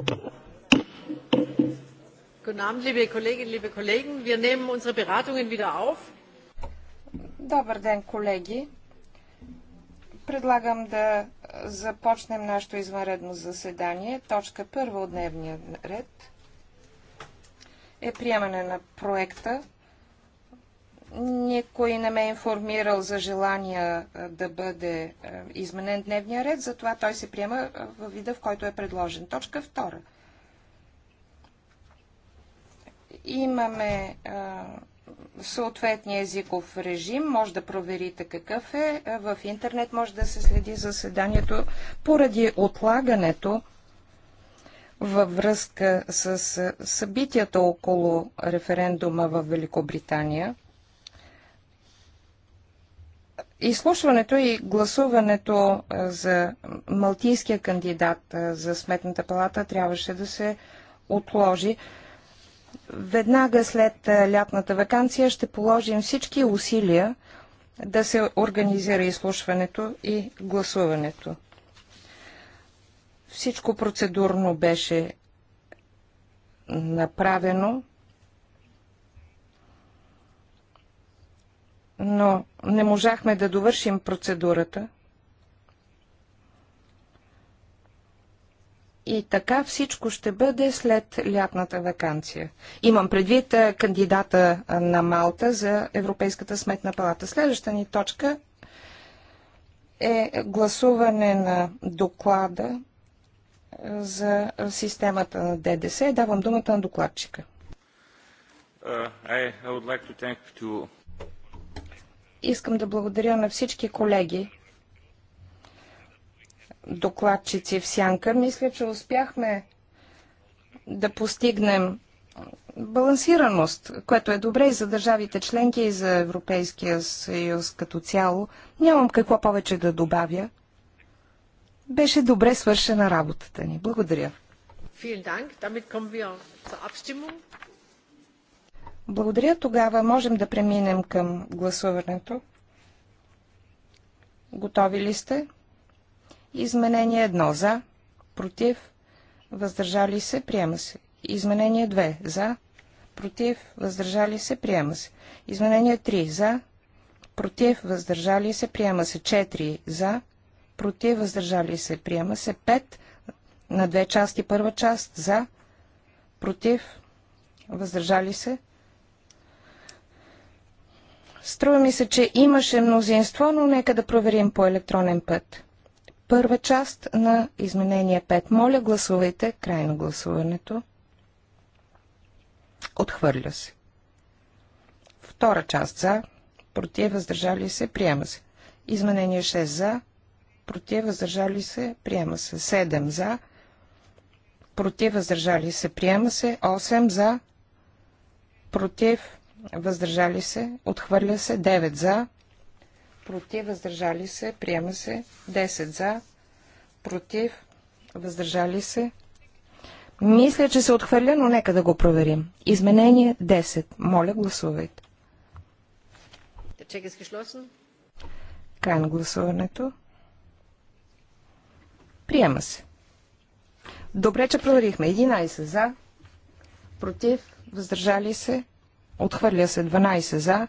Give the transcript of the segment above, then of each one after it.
Guten Abend, liebe Kolleginnen, liebe Kollegen. Wir nehmen unsere Beratungen wieder auf. Добър ден, колеги. Предлагам да започнем нашето извънредно заседание. Точка първа от дневния ред е приемане на проекта никой не ме е информирал за желание да бъде изменен дневния ред, затова той се приема във вида, в който е предложен. Точка втора. Имаме съответния езиков режим, може да проверите какъв е. В интернет може да се следи заседанието поради отлагането във връзка с събитията около референдума в Великобритания – Изслушването и гласуването е, за малтийския кандидат е, за Сметната палата трябваше да се отложи. Веднага след е, лятната вакансия ще положим всички усилия да се организира изслушването и гласуването. Всичко процедурно беше направено но не можахме да довършим процедурата. И така всичко ще бъде след лятната вакансия. Имам предвид кандидата на Малта за Европейската сметна палата. Следващата ни точка е гласуване на доклада за системата на ДДС. Давам думата на докладчика. Uh, I, I Искам да благодаря на всички колеги, докладчици в сянка. Мисля, че успяхме да постигнем балансираност, което е добре и за държавите членки, и за Европейския съюз като цяло. Нямам какво повече да добавя. Беше добре свършена работата ни. Благодаря. Благодаря. Тогава можем да преминем към гласуването. Готови ли сте? Изменение 1 за, против, въздържали се, приема се. Изменение 2 за, против, въздържали се, приема се. Изменение 3 за, против, въздържали се, приема се. 4 за, против, въздържали се, приема се. 5 на две части, първа част за, против, въздържали се, Струва ми се, че имаше мнозинство, но нека да проверим по електронен път. Първа част на изменение 5. Моля, гласувайте. Край на гласуването. Отхвърля се. Втора част за. Против, въздържали се. Приема се. Изменение 6 за. Против, въздържали се. Приема се. 7 за. Против, въздържали се. Приема се. 8 за. Против, въздържали се, отхвърля се, 9 за, против, въздържали се, приема се, 10 за, против, въздържали се. Мисля, че се отхвърля, но нека да го проверим. Изменение 10. Моля, гласувайте. Е Край на гласуването. Приема се. Добре, че проверихме. 11 за, против, въздържали се, Отхвърля се 12 за,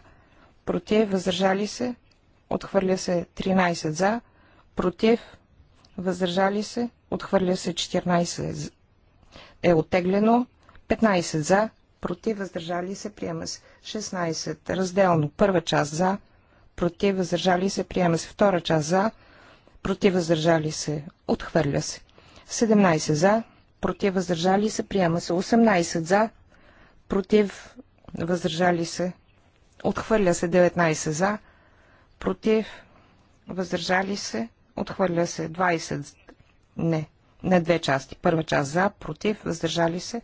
против, въздържали се. Отхвърля се 13 за, против, въздържали се. Отхвърля се 14 е оттеглено. 15 за, против, въздържали се, приема се. 16. Разделно. Първа част за, против, въздържали се, приема се. Втора част за, против, въздържали се, отхвърля се. 17 за, против, въздържали се, приема се. 18 за, против, въздържали се, отхвърля се 19 за, против, въздържали се, отхвърля се 20, не, Не две части. Първа част за, против, въздържали се.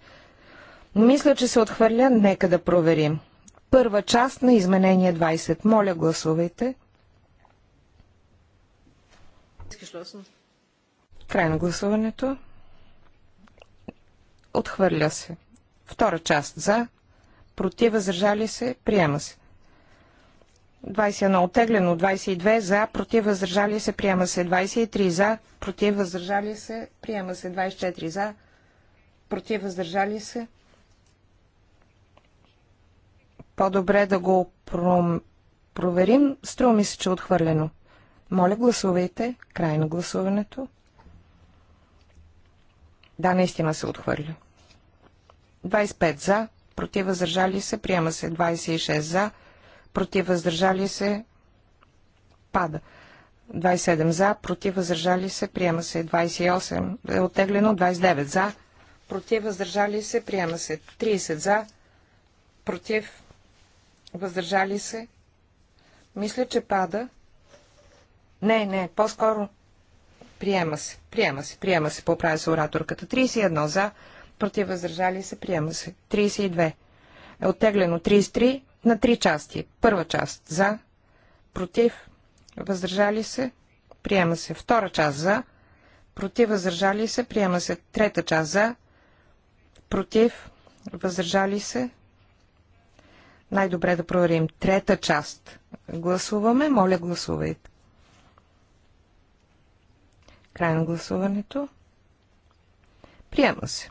Мисля, че се отхвърля, нека да проверим. Първа част на изменение 20. Моля, гласувайте. Край на гласуването. Отхвърля се. Втора част за, против, въздържали се, приема се. 21 оттеглено, 22 за, против, въздържали се, приема се. 23 за, против, въздържали се, приема се. 24 за, против, въздържали се. По-добре да го пром... проверим. Струва ми се, че е отхвърлено. Моля, гласувайте. Край на гласуването. Да, наистина се отхвърля. 25 за, против въздържали се, приема се. 26 за, против въздържали се, пада. 27 за, против въздържали се, приема се. 28 е оттеглено, 29 за, против въздържали се, приема се. 30 за, против въздържали се. Мисля, че пада. Не, не, по-скоро Приема се, приема се, приема се, поправя се ораторката. 31 за, против се, приема се. 32 е оттеглено 33 на 3 части. Първа част за, против въздържали се, приема се. Втора част за, против въздържали се, приема се. Трета част за, против въздържали се. Най-добре да проверим трета част. Гласуваме, моля гласувайте. Край на гласуването. Приема се.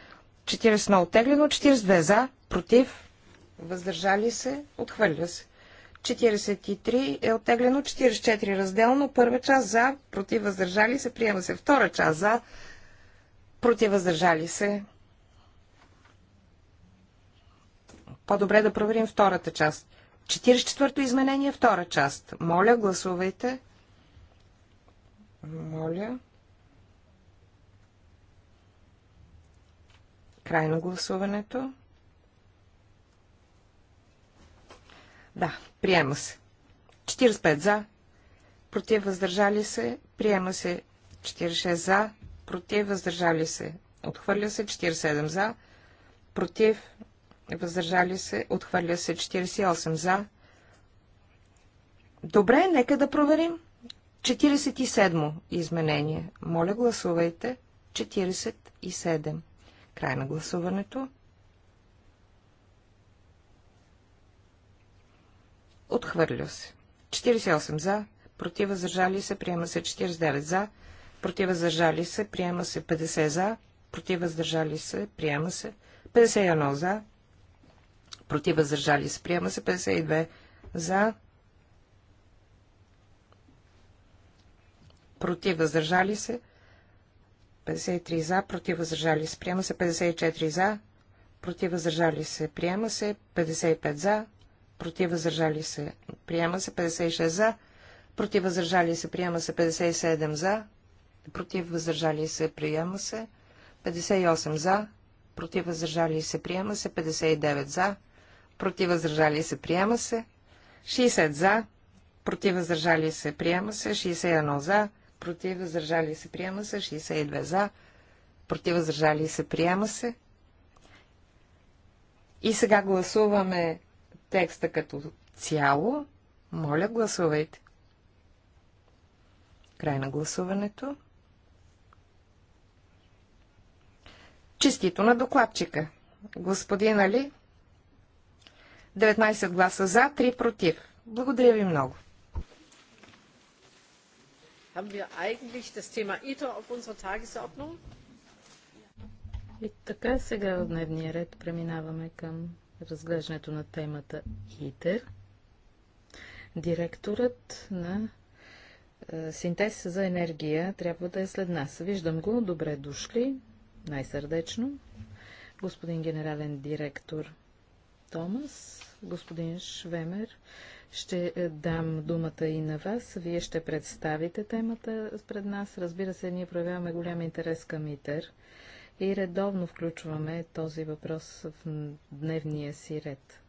на оттеглено, 42 за, против, въздържали се, отхвърля се. 43 е оттеглено, 44 разделно, първа част за, против, въздържали се, приема се втора част за, против, въздържали се. По-добре да проверим втората част. 44-то изменение, втора част. Моля, гласувайте. Моля. Край на гласуването. Да, приема се. 45 за, против въздържали се, приема се 46 за, против въздържали се, отхвърля се 47 за, против въздържали се, отхвърля се 48 за. Добре, нека да проверим. 47 изменение. Моля, гласувайте. 47. Край на гласуването. Отхвърля се. 48 за, против въздържали се, приема се 49 за, против въздържали се, приема се 50 за, против въздържали се, приема се 51 за, против въздържали се, приема се 52 за, против въздържали се, 53 за, против въздържали се, приема се 54 за, против въздържали се, приема се 55 за, против въздържали се, приема се 56 за, против въздържали се, приема се 57 за, против въздържали се, приема се 58 за, против въздържали се, приема се 59 за, против въздържали се, приема се 60 за, против въздържали се, приема се 61 за, против, въздържали се, приема се, 62 за, против, въздържали се, приема се. И сега гласуваме текста като цяло. Моля, гласувайте. Край на гласуването. Честито на докладчика. Господин Али, 19 гласа за, 3 против. Благодаря ви много. Haben wir eigentlich das Thema ITER auf unserer Tagesordnung? И така сега в дневния ред преминаваме към разглеждането на темата ИТЕР. Директорът на е, синтез за енергия трябва да е след нас. Виждам го. Добре дошли. Най-сърдечно. Господин генерален директор Томас, господин Швемер, ще е, дам думата и на вас. Вие ще представите темата пред нас. Разбира се, ние проявяваме голям интерес към ИТЕР и редовно включваме този въпрос в дневния си ред.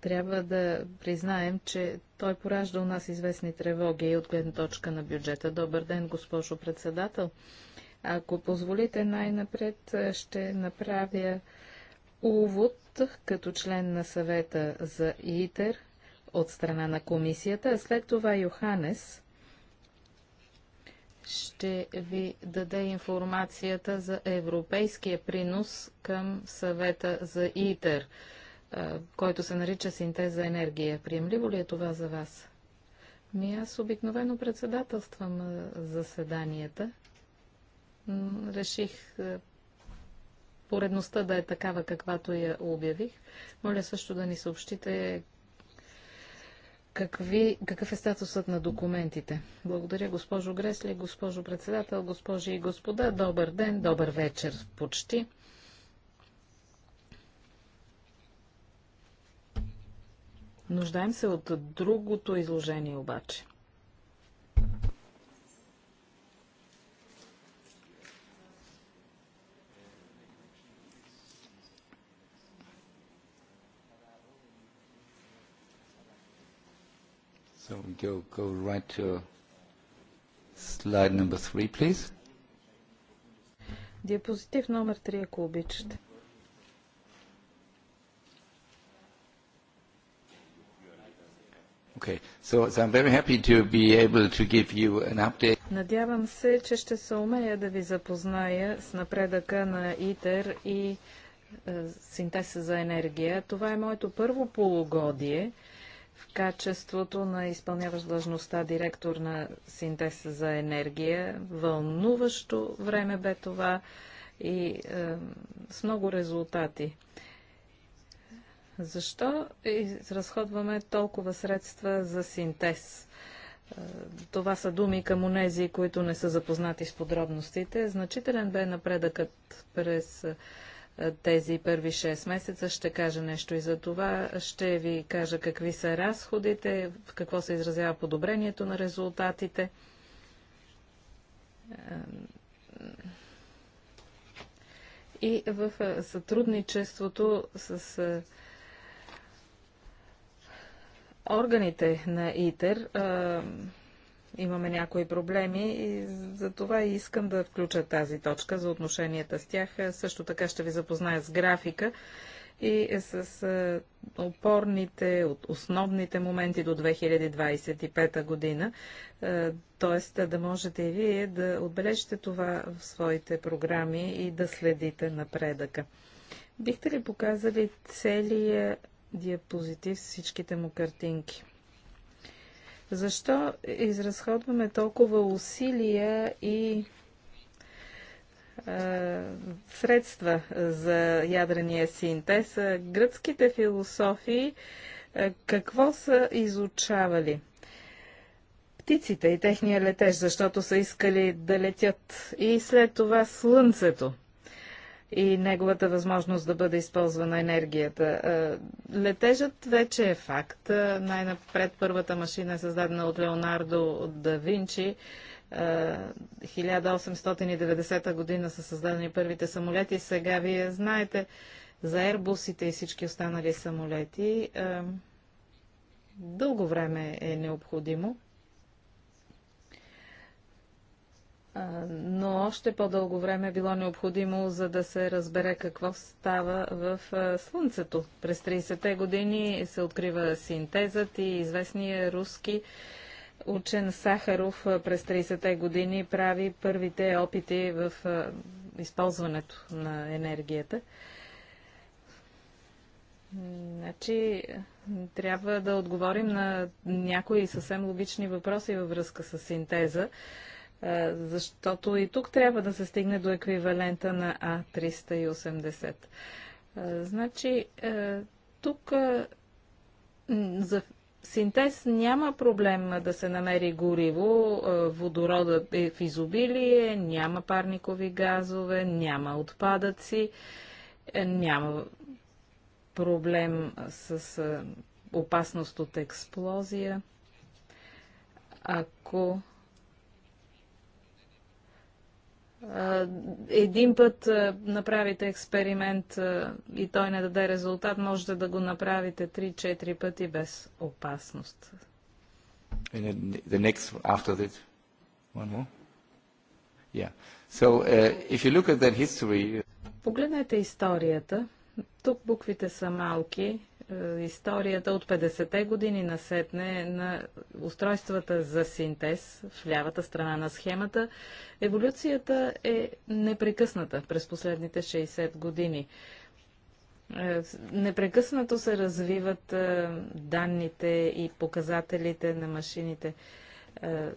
Трябва да признаем, че той поражда у нас известни тревоги и от гледна точка на бюджета. Добър ден, госпожо председател. Ако позволите, най-напред е, ще направя увод като член на съвета за ИТЕР от страна на комисията, а след това Йоханес ще ви даде информацията за европейския принос към съвета за ИТЕР, който се нарича синтез за енергия. Приемливо ли е това за вас? Ми аз обикновено председателствам заседанията. Реших поредността да е такава, каквато я обявих. Моля също да ни съобщите какви, какъв е статусът на документите. Благодаря, госпожо Гресли, госпожо председател, госпожи и господа. Добър ден, добър вечер почти. Нуждаем се от другото изложение обаче. So go, right to slide number three, please. Диапозитив номер три, ако обичате. Okay. So, so I'm very happy to be able to give you an update. Надявам се, че ще се умея да ви запозная с напредъка на ИТЕР и е, синтеза за енергия. Това е моето първо полугодие. Е, в качеството на изпълняващ длъжността директор на синтез за енергия. Вълнуващо време бе това и е, с много резултати. Защо разходваме толкова средства за синтез? Е, това са думи към онези, които не са запознати с подробностите. Значителен бе напредъкът през тези първи 6 месеца. Ще кажа нещо и за това. Ще ви кажа какви са разходите, в какво се изразява подобрението на резултатите. И в сътрудничеството с органите на ИТЕР имаме някои проблеми и за това искам да включа тази точка за отношенията с тях. Е, също така ще ви запозная с графика и е, с е, опорните, от основните моменти до 2025 година. Т.е. да можете и вие да отбележите това в своите програми и да следите напредъка. Бихте ли показали целият диапозитив с всичките му картинки? Защо изразходваме толкова усилия и средства за ядрения синтез. Гръцките философии какво са изучавали? Птиците и техния летеж, защото са искали да летят. И след това слънцето и неговата възможност да бъде използвана енергията. Е, летежът вече е факт. Е, най-напред първата машина е създадена от Леонардо да Винчи. 1890 е, година са създадени първите самолети. Сега вие знаете за ербусите и всички останали самолети. Дълго време е необходимо но още по-дълго време е било необходимо, за да се разбере какво става в Слънцето. През 30-те години се открива синтезът и известният руски учен Сахаров през 30-те години прави първите опити в използването на енергията. Значи, трябва да отговорим на някои съвсем логични въпроси във връзка с синтеза. Е, защото и тук трябва да се стигне до еквивалента на А380. Е, значи, е, тук за синтез няма проблем да се намери гориво, водорода е в изобилие, няма парникови газове, няма отпадъци, няма проблем с опасност от експлозия. Ако Е, един път е, направите експеримент е, и той не даде резултат, можете да го направите 3-4 пъти без опасност. Next, yeah. so, uh, history... Uh, Погледнете историята. Тук буквите са малки. Е, историята от 50-те години насетне на устройствата за синтез в лявата страна на схемата, еволюцията е непрекъсната през последните 60 години. Е, непрекъснато се развиват е, данните и показателите на машините.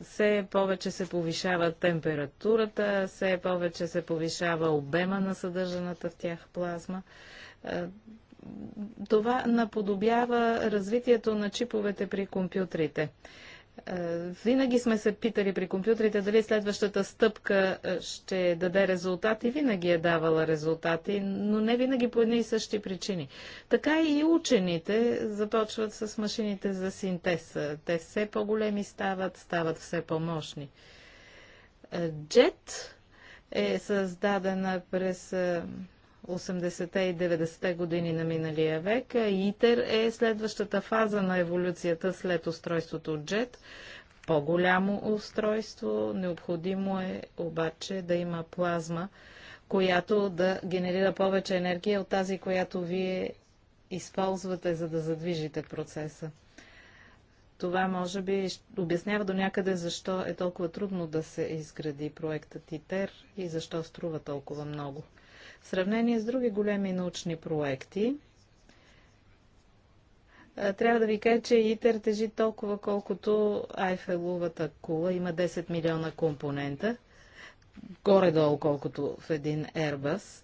Все повече се повишава температурата, все повече се повишава обема на съдържаната в тях плазма това наподобява развитието на чиповете при компютрите. Е, винаги сме се питали при компютрите дали следващата стъпка е, ще даде резултат и винаги е давала резултати, но не винаги по едни и същи причини. Така и учените започват с машините за синтез. Е, те все по-големи стават, стават все по-мощни. Джет е създадена през 80-те и 90-те години на миналия век. ИТЕР е следващата фаза на еволюцията след устройството от джет. По-голямо устройство, необходимо е обаче да има плазма, която да генерира повече енергия от тази, която вие използвате, за да задвижите процеса. Това може би обяснява до някъде защо е толкова трудно да се изгради проектът ИТЕР и защо струва толкова много. В сравнение с други големи научни проекти, трябва да ви кажа, че ИТЕР тежи толкова, колкото Айфеловата кула. Има 10 милиона компонента. Горе-долу, колкото в един Airbus.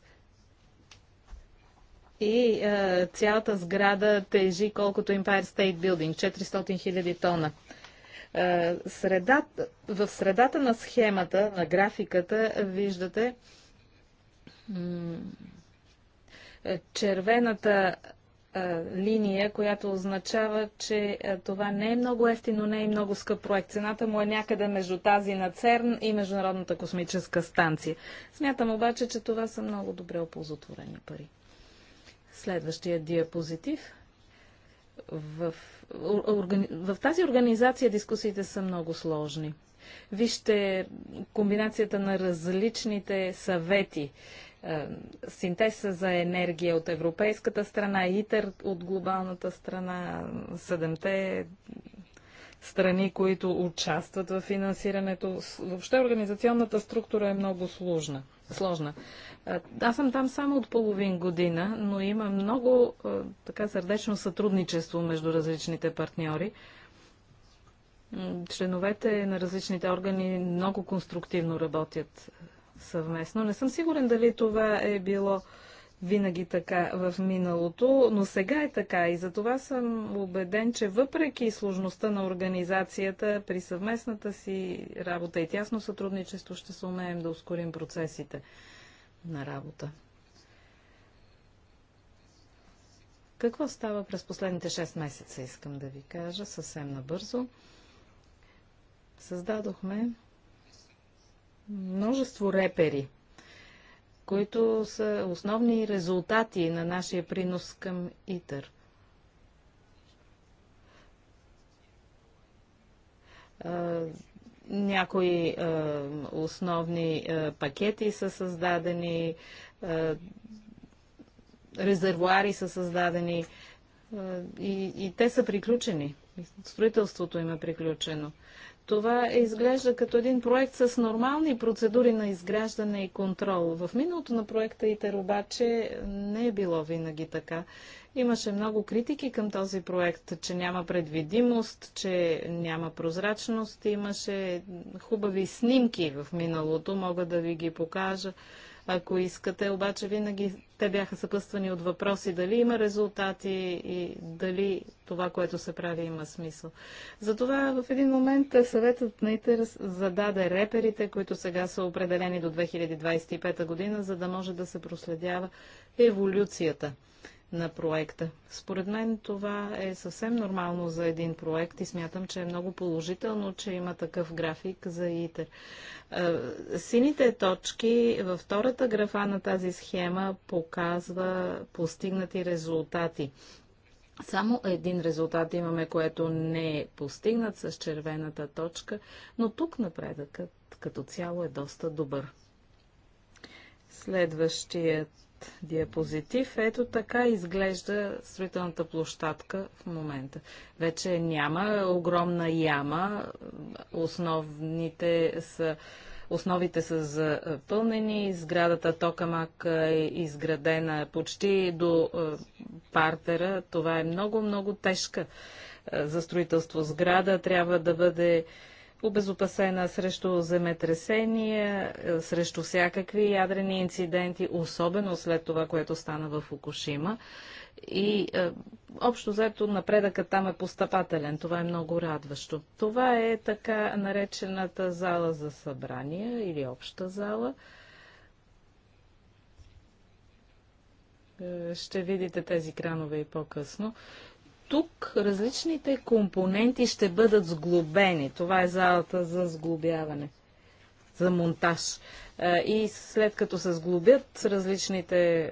И е, цялата сграда тежи колкото Empire State Building. 400 хиляди тона. Е, средата, в средата на схемата, на графиката, виждате червената линия, която означава, че това не е много ефтино, но не е много скъп проект. Цената му е някъде между тази на ЦЕРН и Международната космическа станция. Смятам обаче, че това са много добре оползотворени пари. Следващия диапозитив. В, органи... в тази организация дискусиите са много сложни. Вижте комбинацията на различните съвети е, синтеза за енергия от европейската страна, ИТЕР от глобалната страна, седемте страни, които участват в финансирането. Въобще организационната структура е много сложна. сложна. Е, аз съм там само от половин година, но има много е, така сърдечно сътрудничество между различните партньори. Членовете на различните органи много конструктивно работят съвместно. Не съм сигурен дали това е било винаги така в миналото, но сега е така и за това съм убеден, че въпреки сложността на организацията, при съвместната си работа и тясно сътрудничество ще се умеем да ускорим процесите на работа. Какво става през последните 6 месеца, искам да ви кажа съвсем набързо. Създадохме множество репери, които са основни резултати на нашия принос към ИТър. Някои основни пакети са създадени, резервуари са създадени и те са приключени. Строителството им е приключено. Това изглежда като един проект с нормални процедури на изграждане и контрол. В миналото на проекта ИТЕР обаче не е било винаги така. Имаше много критики към този проект, че няма предвидимост, че няма прозрачност. Имаше хубави снимки в миналото, мога да ви ги покажа ако искате, обаче винаги те бяха съпъствани от въпроси дали има резултати и дали това, което се прави, има смисъл. Затова в един момент съветът на ИТЕР зададе реперите, които сега са определени до 2025 година, за да може да се проследява еволюцията на проекта. Според мен това е съвсем нормално за един проект и смятам, че е много положително, че има такъв график за ИТЕР. Сините точки във втората графа на тази схема показва постигнати резултати. Само един резултат имаме, което не е постигнат с червената точка, но тук напредъкът като цяло е доста добър. Следващият диапозитив. Ето така изглежда строителната площадка в момента. Вече няма огромна яма. Основните са Основите са запълнени, сградата Токамак е изградена почти до е, партера. Това е много-много тежка е, за строителство сграда. Трябва да бъде обезопасена срещу земетресения, е, срещу всякакви ядрени инциденти, особено след това, което стана в Фукушима. И е, общо заето, напредъкът там е постъпателен. Това е много радващо. Това е така наречената зала за събрания или обща зала. Е, ще видите тези кранове и по-късно тук различните компоненти ще бъдат сглобени. Това е залата за сглобяване, за монтаж. И след като се сглобят различните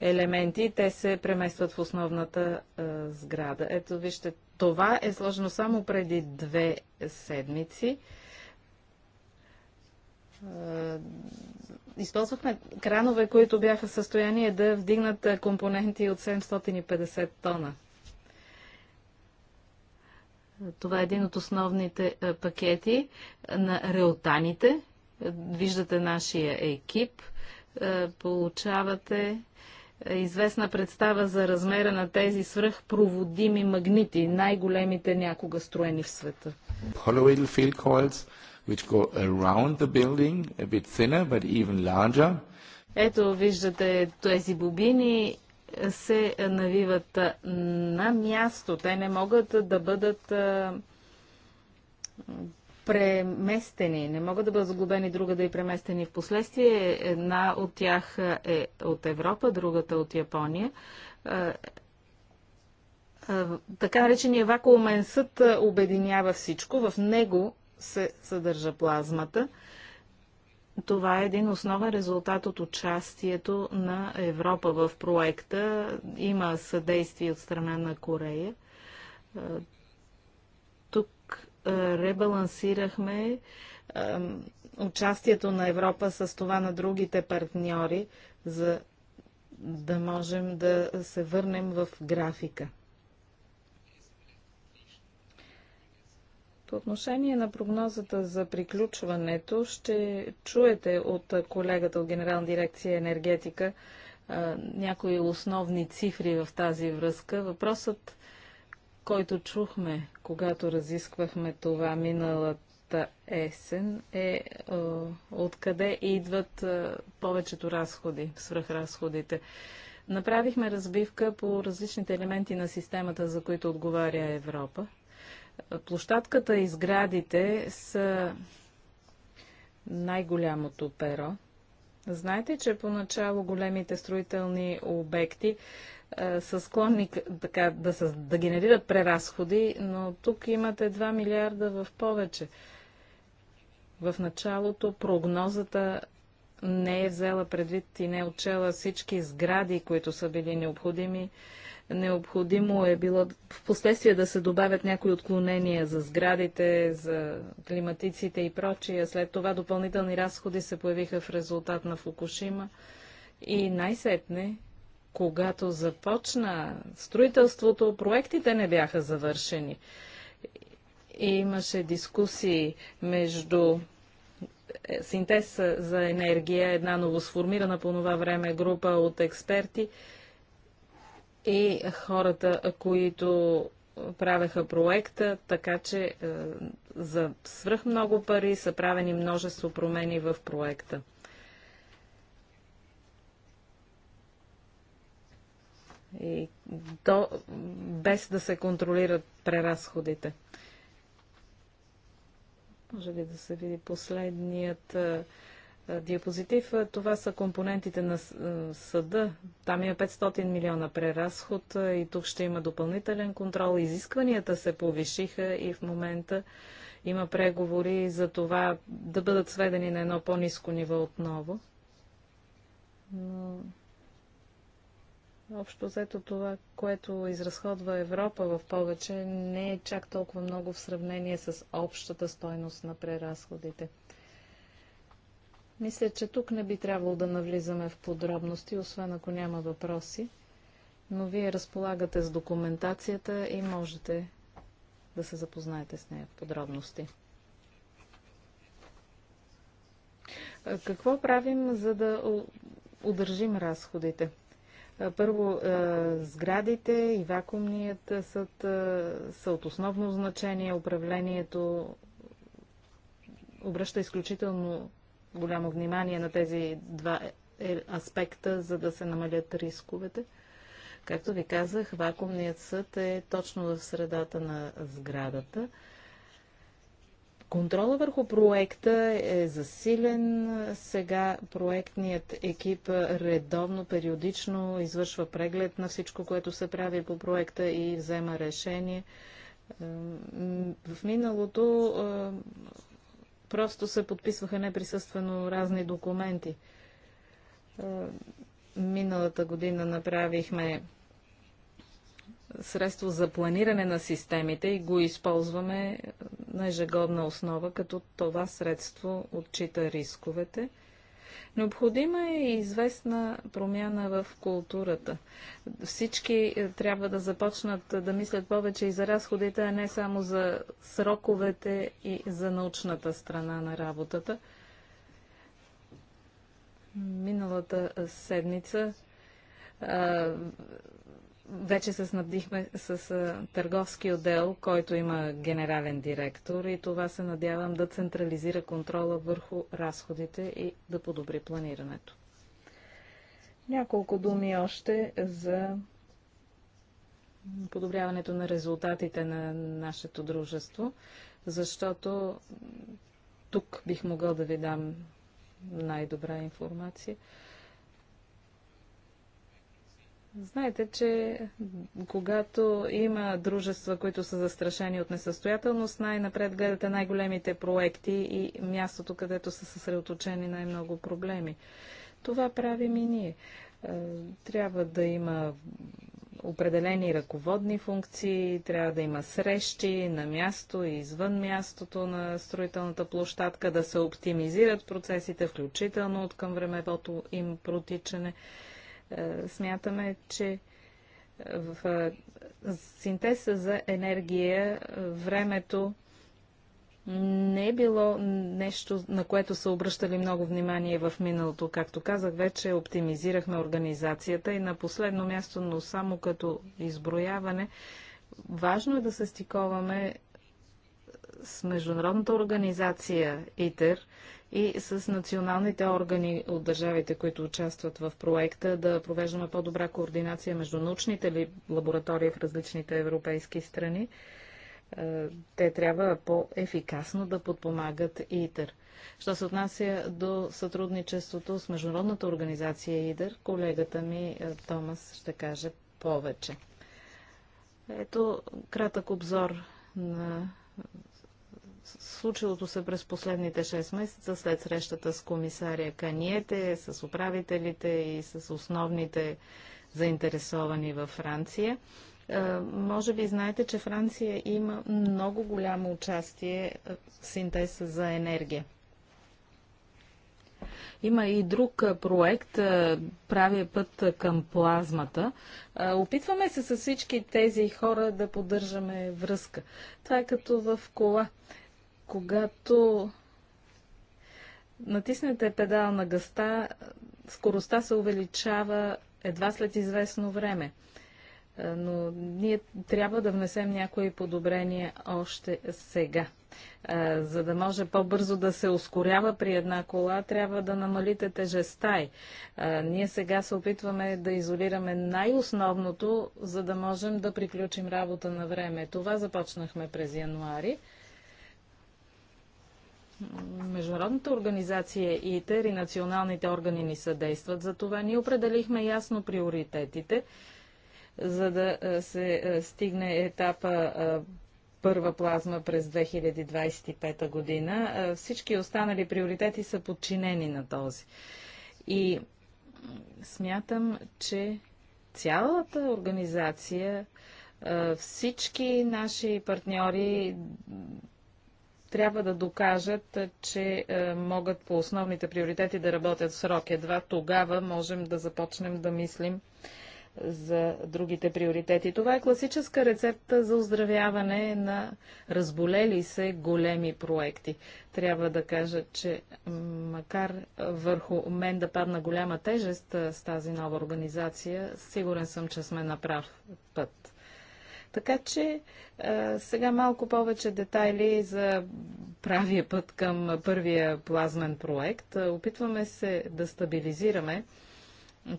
елементи, те се преместват в основната сграда. Ето вижте, това е сложено само преди две седмици. Е, използвахме кранове, които бяха в състояние да вдигнат компоненти от 750 тона. Това е един от основните е, пакети на реотаните. Виждате нашия екип. Е, получавате известна представа за размера на тези свръхпроводими магнити, най-големите някога строени в света. field coils which go around the building, a bit thinner but even larger. Ето виждате тези бобини се навиват на място. Те не могат да бъдат преместени, не могат да бъдат заглобени друга да и преместени в последствие. Една от тях е от Европа, другата от Япония. Така наречения вакуумен съд обединява всичко. В него се съдържа плазмата. Това е един основен резултат от участието на Европа в проекта. Има съдействие от страна на Корея. Е, тук е, ребалансирахме е, участието на Европа с това на другите партньори, за да можем да се върнем в графика. По отношение на прогнозата за приключването, ще чуете от колегата от Генерална дирекция енергетика някои основни цифри в тази връзка. Въпросът, който чухме, когато разисквахме това миналата есен, е откъде идват повечето разходи, свръхразходите. Направихме разбивка по различните елементи на системата, за които отговаря Европа. Площадката и сградите са най-голямото перо. Знаете, че поначало големите строителни обекти е, са склонни така, да, са, да генерират преразходи, но тук имате 2 милиарда в повече. В началото прогнозата не е взела предвид и не е отчела всички сгради, които са били необходими. Необходимо е било в последствие да се добавят някои отклонения за сградите, за климатиците и прочие. След това допълнителни разходи се появиха в резултат на Фукушима. И най-сетне, когато започна строителството, проектите не бяха завършени. И имаше дискусии между синтез за енергия, една новосформирана по това време група от експерти и хората, които правеха проекта, така че е, за свръх много пари са правени множество промени в проекта. И то, без да се контролират преразходите. Може ли да се види последният диапозитив? Това са компонентите на съда. Там има 500 милиона преразход и тук ще има допълнителен контрол. Изискванията се повишиха и в момента има преговори за това да бъдат сведени на едно по-низко ниво отново. Но Общо взето това, което изразходва Европа в повече, не е чак толкова много в сравнение с общата стойност на преразходите. Мисля, че тук не би трябвало да навлизаме в подробности, освен ако няма въпроси, но вие разполагате с документацията и можете да се запознаете с нея в подробности. Какво правим, за да удържим разходите? Е, първо, е, сградите и вакуумният съд е, са от основно значение. Управлението обръща изключително голямо внимание на тези два аспекта, за да се намалят рисковете. Както ви казах, вакуумният съд е точно в средата на сградата. Контрола върху проекта е засилен. Сега проектният екип редовно, периодично извършва преглед на всичко, което се прави по проекта и взема решение. В миналото просто се подписваха неприсъствено разни документи. Миналата година направихме средство за планиране на системите и го използваме на ежегодна основа, като това средство отчита рисковете. Необходима е известна промяна в културата. Всички е, трябва да започнат да мислят повече и за разходите, а не само за сроковете и за научната страна на работата. Миналата седмица вече се снабдихме с а, търговски отдел, който има генерален директор и това се надявам да централизира контрола върху разходите и да подобри планирането. Няколко думи още за подобряването на резултатите на нашето дружество, защото тук бих могъл да ви дам най-добра информация. Знаете, че когато има дружества, които са застрашени от несъстоятелност, най-напред гледате най-големите проекти и мястото, където са съсредоточени най-много проблеми. Това правим и ние. Е, трябва да има определени ръководни функции, трябва да има срещи на място и извън мястото на строителната площадка, да се оптимизират процесите, включително от към времевото им протичане. Е, смятаме, че е, в е, синтеза за енергия времето не е било нещо, на което са обръщали много внимание в миналото. Както казах, вече оптимизирахме организацията и на последно място, но само като изброяване, важно е да се стиковаме с Международната организация ИТЕР и с националните органи от държавите, които участват в проекта, да провеждаме по-добра координация между научните ли лаборатории в различните европейски страни. Е, те трябва по-ефикасно да подпомагат ИТЕР. Що се отнася до сътрудничеството с Международната организация ИДЕР, колегата ми е, Томас ще каже повече. Ето кратък обзор на случилото се през последните 6 месеца след срещата с комисаря Каниете, с управителите и с основните заинтересовани във Франция. Може би знаете, че Франция има много голямо участие в синтез за енергия. Има и друг проект Правия път към плазмата. Опитваме се с всички тези хора да поддържаме връзка. Това е като в кола. Когато натиснете педал на гъста, скоростта се увеличава едва след известно време. Е, но ние трябва да внесем някои подобрения още сега. Е, за да може по-бързо да се ускорява при една кола, трябва да намалите тежеста й. Е, ние сега се опитваме да изолираме най-основното, за да можем да приключим работа на време. Това започнахме през януари. Международната организация ИТЕР и националните органи ни съдействат. За това ние определихме ясно приоритетите, за да е, се е, стигне етапа е, първа плазма през 2025 година. Всички останали приоритети са подчинени на този. И смятам, че цялата организация всички наши партньори трябва да докажат, че е, могат по основните приоритети да работят в срок. Едва тогава можем да започнем да мислим за другите приоритети. Това е класическа рецепта за оздравяване на разболели се големи проекти. Трябва да кажа, че макар върху мен да падна голяма тежест е, с тази нова организация, сигурен съм, че сме на прав път. Така че сега малко повече детайли за правия път към първия плазмен проект. Опитваме се да стабилизираме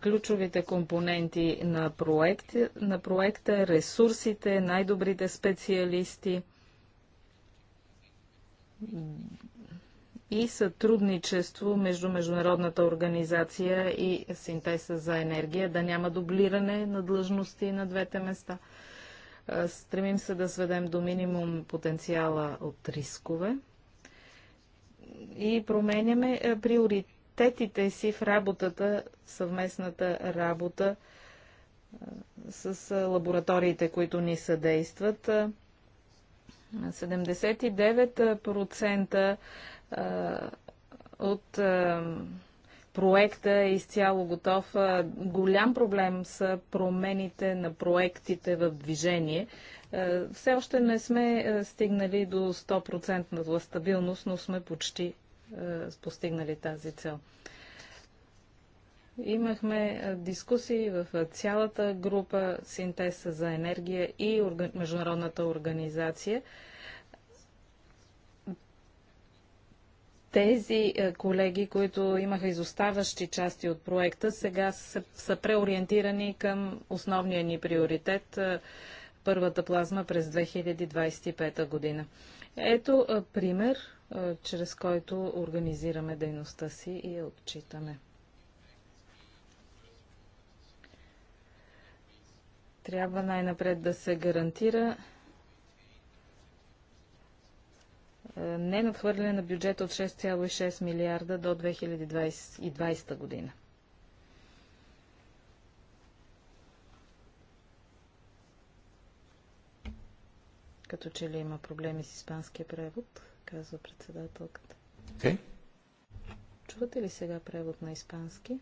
ключовите компоненти на, проект, на проекта, ресурсите, най-добрите специалисти и сътрудничество между Международната организация и синтеза за енергия, да няма дублиране на длъжности на двете места – Стремим се да сведем до минимум потенциала от рискове и променяме приоритетите си в работата, съвместната работа с лабораториите, които ни съдействат. 79% от проекта е изцяло готов. Голям проблем са промените на проектите в движение. Все още не сме стигнали до 100% стабилност, но сме почти постигнали тази цел. Имахме дискусии в цялата група Синтеза за енергия и Международната организация. тези е, колеги, които имаха изоставащи части от проекта, сега са, са преориентирани към основния ни приоритет е, първата плазма през 2025 година. Ето е, пример, чрез който организираме дейността си и я отчитаме. Трябва най-напред да се гарантира Е, не надхвърляне на бюджета от 6,6 милиарда до 2020 година. Като че ли има проблеми с испанския превод, казва председателката. Okay. Чувате ли сега превод на испански?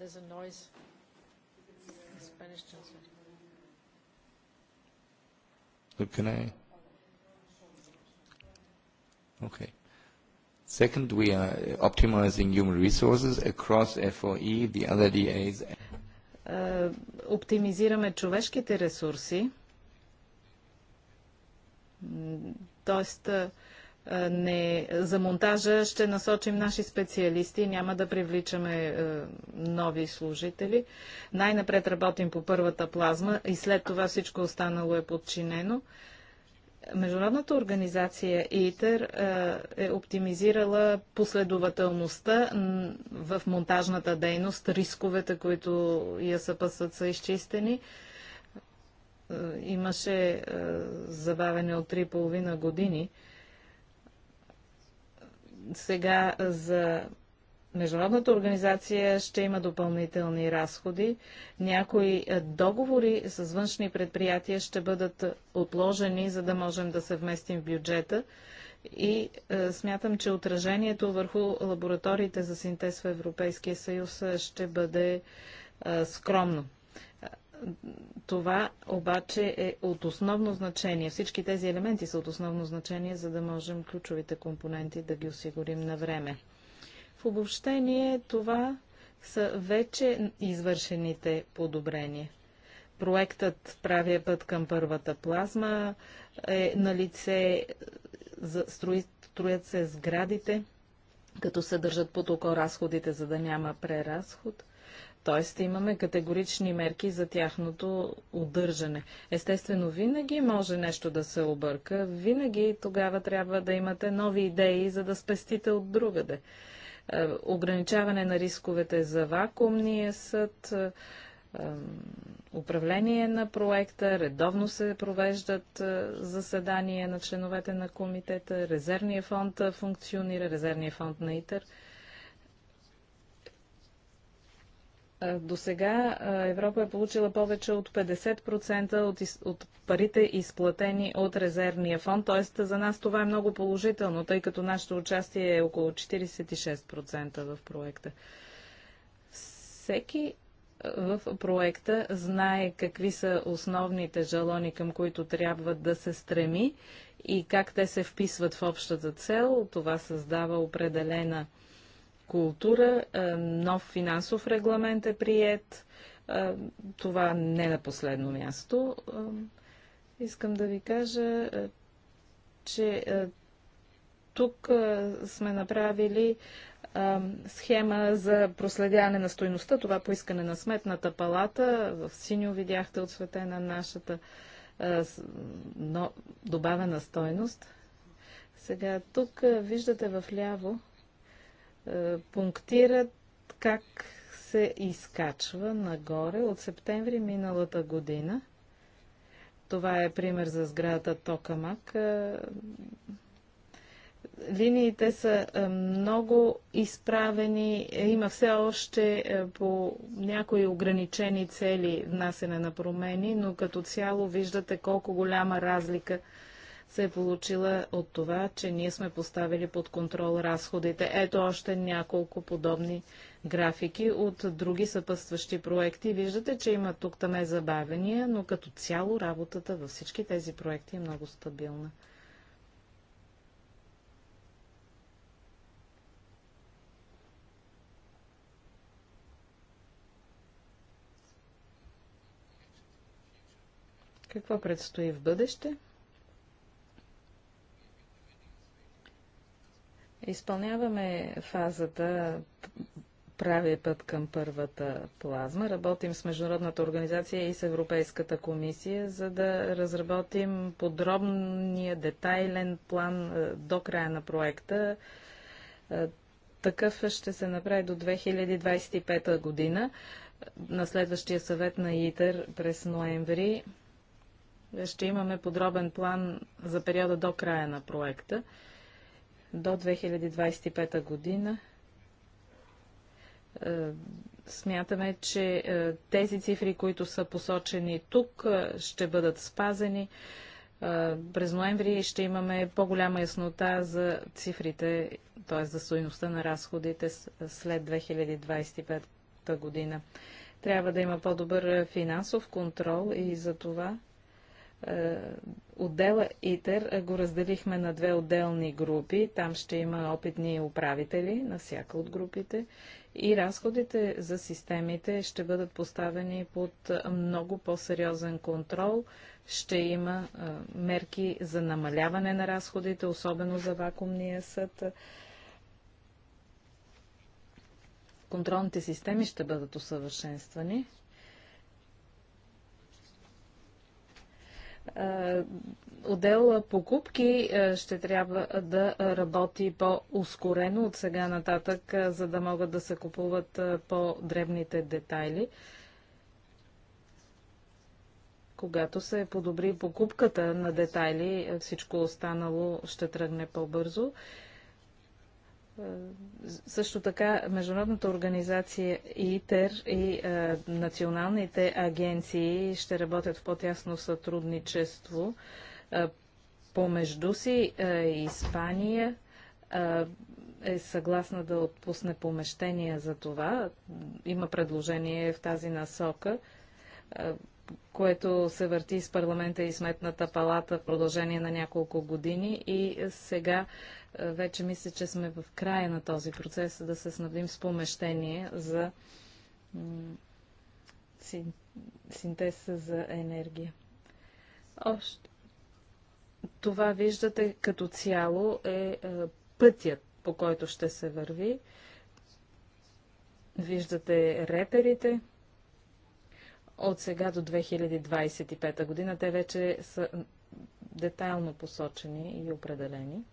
There's a noise. Spanish translation. Look, can I... Okay. Second, we are optimizing human resources across FOE, the other DAs. Е, оптимизираме човешките ресурси, т.е. Не, за монтажа ще насочим наши специалисти, няма да привличаме е, нови служители. Най-напред работим по първата плазма и след това всичко останало е подчинено. Е, Международната организация ИТЕР е, е оптимизирала последователността в монтажната дейност, рисковете, които я съпъсват, са изчистени. Е, имаше е, забавене от 3,5 години. Сега за Международната организация ще има допълнителни разходи. Някои е, договори с външни предприятия ще бъдат е, отложени, за да можем да се вместим в бюджета. И е, смятам, че отражението върху лабораториите за синтез в Европейския съюз е, ще бъде е, скромно. Това обаче е от основно значение. Всички тези елементи са от основно значение, за да можем ключовите компоненти да ги осигурим на време. В обобщение това са вече извършените подобрения. Проектът Правия път към първата плазма е на лице, строят се сградите, като се държат под око разходите, за да няма преразход. Тоест имаме категорични мерки за тяхното удържане. Естествено, винаги може нещо да се обърка, винаги тогава трябва да имате нови идеи, за да спестите от другаде. Да. Е, ограничаване на рисковете за вакуумния съд, е, управление на проекта, редовно се провеждат е, заседания на членовете на комитета, резервния фонд функционира, резервния фонд на ИТЕР – До сега Европа е получила повече от 50% от, из, от парите изплатени от резервния фонд, т.е. за нас това е много положително, тъй като нашето участие е около 46% в проекта. Всеки в проекта знае какви са основните жалони, към които трябва да се стреми и как те се вписват в общата цел. Това създава определена култура. Е, нов финансов регламент е прият. Е, това не на последно място. Е, искам да ви кажа, че тук сме направили схема за проследяване на стойността. Това поискане на сметната палата. В синьо видяхте отсветена нашата но добавена стойност. Сега тук виждате в ляво е, пунктират как се изкачва нагоре от септември миналата година. Това е пример за сградата Токамак. Е, линиите са е, много изправени. Има все още по някои ограничени цели внасене на промени, но като цяло виждате колко голяма разлика се е получила от това, че ние сме поставили под контрол разходите. Ето още няколко подобни графики от други съпътстващи проекти. Виждате, че има тук таме забавения, но като цяло работата във всички тези проекти е много стабилна. Какво предстои в бъдеще? Изпълняваме фазата правия път към първата плазма. Работим с Международната организация и с Европейската комисия, за да разработим подробния, детайлен план е, до края на проекта. Е, такъв ще се направи до 2025 година. Е, на следващия съвет на ИТЕР през ноември ще имаме подробен план за периода до края на проекта до 2025 година. Е, смятаме, че е, тези цифри, които са посочени тук, е, ще бъдат спазени. През ноември ще имаме по-голяма яснота за цифрите, т.е. за стоеността на разходите след 2025 година. Трябва да има по-добър финансов контрол и за това е, отдела ИТЕР го разделихме на две отделни групи. Там ще има опитни управители на всяка от групите. И разходите за системите ще бъдат поставени под много по-сериозен контрол. Ще има е, мерки за намаляване на разходите, особено за вакуумния съд. Контролните системи ще бъдат усъвършенствани. Е, отдел покупки е, ще трябва да работи по-ускорено от сега нататък, е, за да могат да се купуват по-дребните детайли. Когато се подобри покупката на детайли, всичко останало ще тръгне по-бързо. Също така Международната организация ИТЕР и а, националните агенции ще работят в по-тясно сътрудничество а, помежду си. Е, Испания е съгласна да отпусне помещения за това. Има предложение в тази насока което се върти с парламента и сметната палата в продължение на няколко години и сега вече мисля, че сме в края на този процес да се снабдим с помещение за синтез за енергия. Още. Това виждате като цяло е, е пътят, по който ще се върви. Виждате реперите от сега до 2025 година. Те вече са детайлно посочени и определени.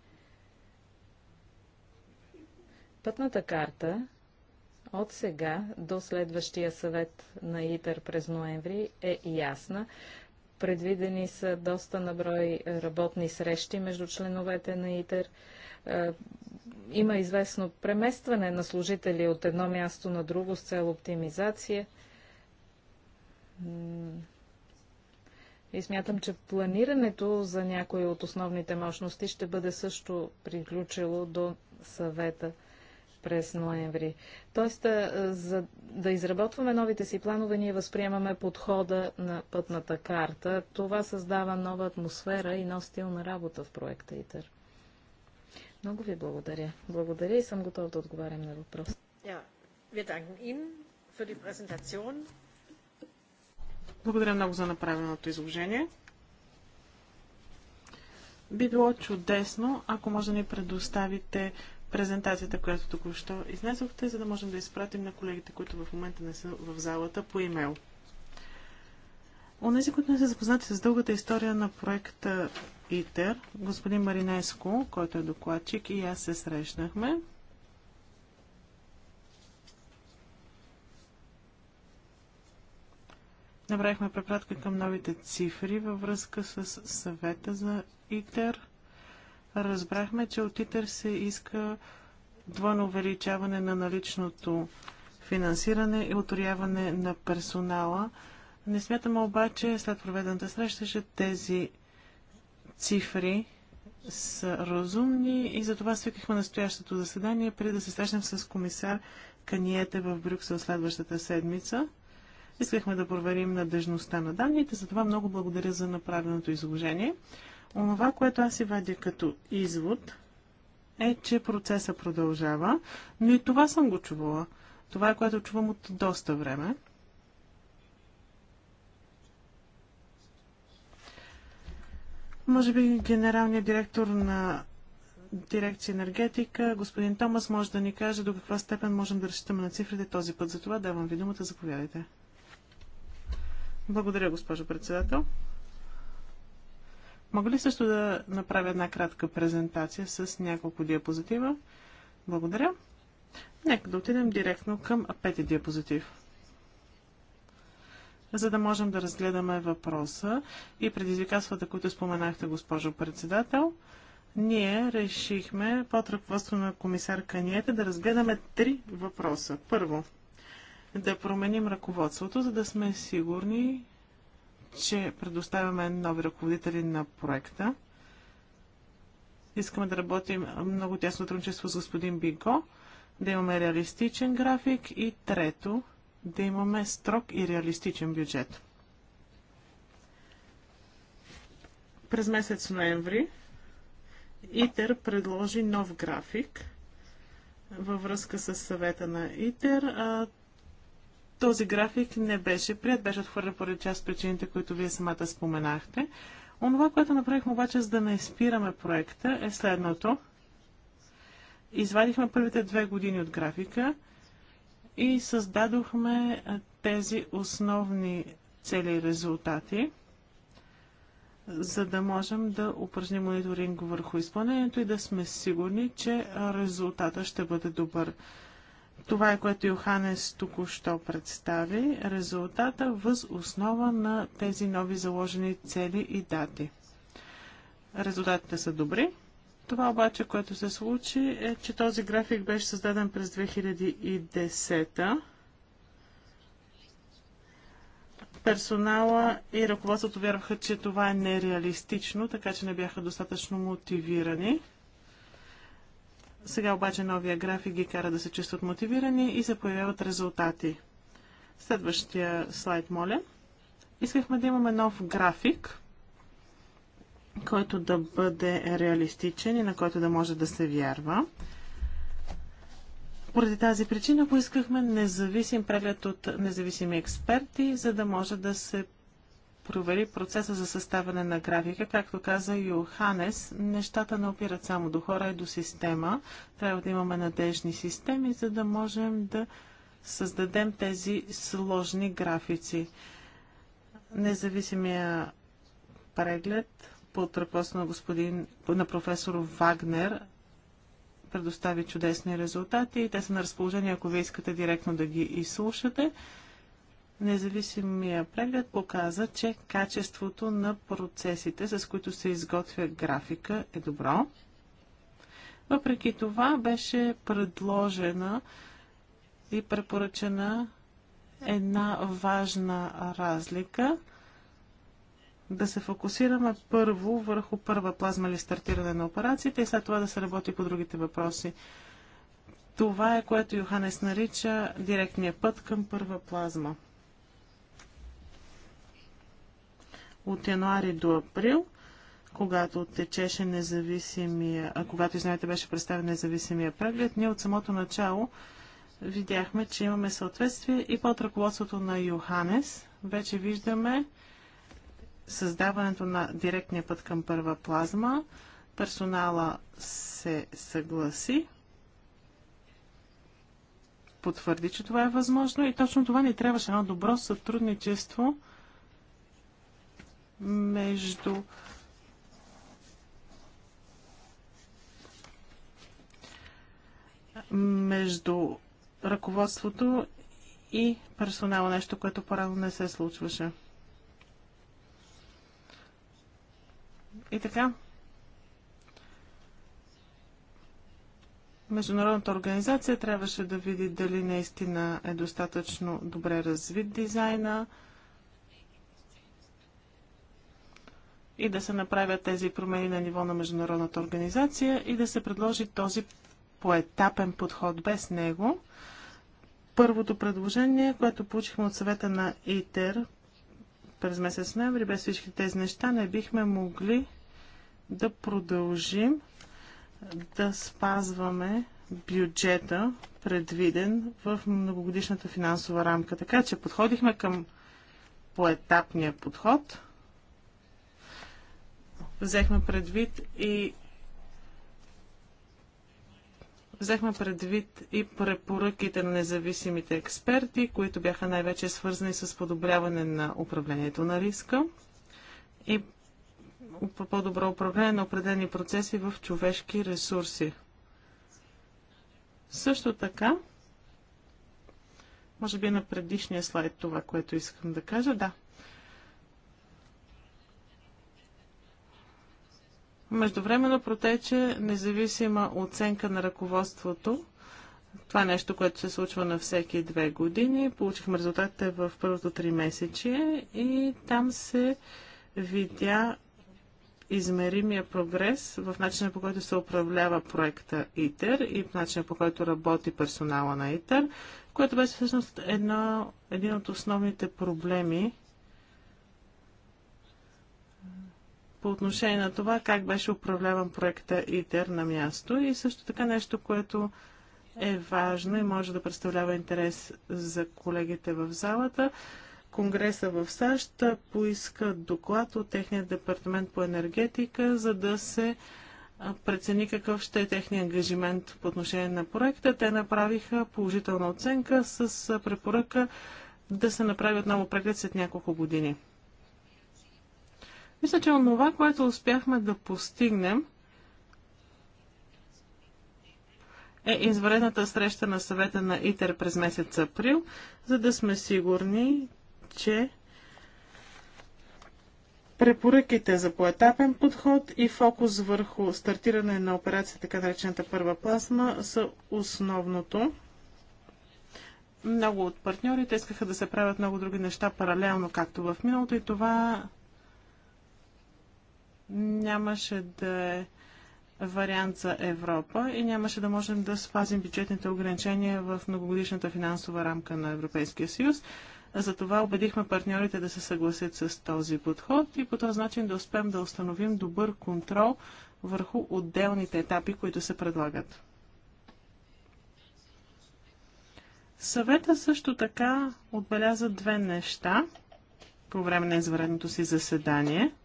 Пътната карта от сега до следващия съвет на ИТЕР през ноември е ясна. Предвидени са доста наброй работни срещи между членовете на ИТЕР. Е, има известно преместване на служители от едно място на друго с цел оптимизация. И смятам, че планирането за някои от основните мощности ще бъде също приключило до съвета през ноември. Тоест, за да изработваме новите си планове, ние възприемаме подхода на пътната карта. Това създава нова атмосфера и нов стил на работа в проекта ИТЕР. Много ви благодаря. Благодаря и съм готов да отговарям на въпрос. Благодаря много за направеното изложение. Би било чудесно, ако може да ни предоставите презентацията, която току-що изнесохте, за да можем да изпратим на колегите, които в момента не са в залата, по имейл. Онези, които не са запознати с дългата история на проекта ИТЕР, господин Маринеско, който е докладчик, и аз се срещнахме. Направихме препратка към новите цифри във връзка с съвета за ИТЕР – разбрахме, че от ИТЕР се иска двойно увеличаване на наличното финансиране и оторяване на персонала. Не смятам обаче, след проведената среща, че тези цифри са разумни и затова свикахме настоящото заседание, преди да се срещнем с комисар Каниете в Брюксел следващата седмица. Искахме да проверим надежността на данните, затова много благодаря за направеното изложение. Онова, което аз си вадя като извод, е, че процеса продължава, но и това съм го чувала. Това е което чувам от доста време. Може би генералният директор на дирекция енергетика, господин Томас, може да ни каже до каква степен можем да разчитаме на цифрите този път. За това давам ви думата, заповядайте. Благодаря, госпожо председател. Мога ли също да направя една кратка презентация с няколко диапозитива? Благодаря. Нека да отидем директно към пети диапозитив. За да можем да разгледаме въпроса и предизвикателствата, които споменахте, госпожо председател, ние решихме под ръководство на комисар Каниете да разгледаме три въпроса. Първо, да променим ръководството, за да сме сигурни, че предоставяме нови ръководители на проекта. Искаме да работим много тясно сътрудничество с господин Бинко, да имаме реалистичен график и трето, да имаме строг и реалистичен бюджет. През месец ноември ИТЕР предложи нов график във връзка с съвета на ИТЕР. Този график не беше прият, беше отхвърлен поради част причините, които вие самата споменахте. Онова, което направихме обаче, за да не спираме проекта, е следното. Извадихме първите две години от графика и създадохме тези основни цели и резултати, за да можем да упражним мониторинг върху изпълнението и да сме сигурни, че резултата ще бъде добър. Това е което Йоханес току-що представи. Резултата въз основа на тези нови заложени цели и дати. Резултатите са добри. Това обаче, което се случи, е, че този график беше създаден през 2010 Персонала и ръководството вярваха, че това е нереалистично, така че не бяха достатъчно мотивирани. Сега обаче новия график ги кара да се чувстват мотивирани и се появяват резултати. Следващия слайд, моля. Искахме да имаме нов график, който да бъде реалистичен и на който да може да се вярва. Поради тази причина поискахме независим преглед от независими експерти, за да може да се провери процеса за съставане на графика. Както каза Йоханес, нещата не опират само до хора и до система. Трябва да имаме надежни системи, за да можем да създадем тези сложни графици. Независимия преглед под ръководство на, господин, на професор Вагнер предостави чудесни резултати и те са на разположение, ако вие искате директно да ги изслушате. Независимия преглед показа, че качеството на процесите, с които се изготвя графика, е добро. Въпреки това беше предложена и препоръчена една важна разлика да се фокусираме първо върху първа плазма или стартиране на операциите и след това да се работи по другите въпроси. Това е което Йоханес нарича директния път към първа плазма. от януари до април, когато течеше независимия, а когато, знаете, беше представен независимия преглед, ние от самото начало видяхме, че имаме съответствие и под ръководството на Йоханес вече виждаме създаването на директния път към първа плазма. Персонала се съгласи, потвърди, че това е възможно и точно това ни трябваше едно добро сътрудничество – между между ръководството и персонала, нещо, което по-рано не се случваше. И така, Международната организация трябваше да види дали наистина е достатъчно добре развит дизайна, и да се направят тези промени на ниво на международната организация и да се предложи този поетапен подход без него. Първото предложение, което получихме от съвета на ИТЕР през месец ноември, без всички тези неща, не бихме могли да продължим да спазваме бюджета, предвиден в многогодишната финансова рамка. Така че подходихме към поетапния подход – Взехме предвид и Взехме предвид и препоръките на независимите експерти, които бяха най-вече свързани с подобряване на управлението на риска и по-добро управление на определени процеси в човешки ресурси. Също така, може би на предишния слайд това, което искам да кажа, да, Междувременно протече независима оценка на ръководството. Това е нещо, което се случва на всеки две години. Получихме резултатите в първото три месече и там се видя измеримия прогрес в начина по който се управлява проекта ИТЕР и в начина по който работи персонала на ИТЕР, което беше всъщност едно, един от основните проблеми по отношение на това как беше управляван проекта ИТЕР на място и също така нещо, което е важно и може да представлява интерес за колегите в залата. Конгреса в САЩ поиска доклад от техния департамент по енергетика, за да се прецени какъв ще е техния ангажимент по отношение на проекта. Те направиха положителна оценка с препоръка да се направи отново преглед след няколко години. Мисля, че онова, което успяхме да постигнем, е изварената среща на съвета на ИТЕР през месец април, за да сме сигурни, че препоръките за поетапен подход и фокус върху стартиране на операция, така наречената първа пластма, са основното. Много от партньорите искаха да се правят много други неща паралелно, както в миналото и това нямаше да е вариант за Европа и нямаше да можем да спазим бюджетните ограничения в многогодишната финансова рамка на Европейския съюз. Затова убедихме партньорите да се съгласят с този подход и по този начин да успеем да установим добър контрол върху отделните етапи, които се предлагат. Съвета също така отбеляза две неща по време на извредното си заседание –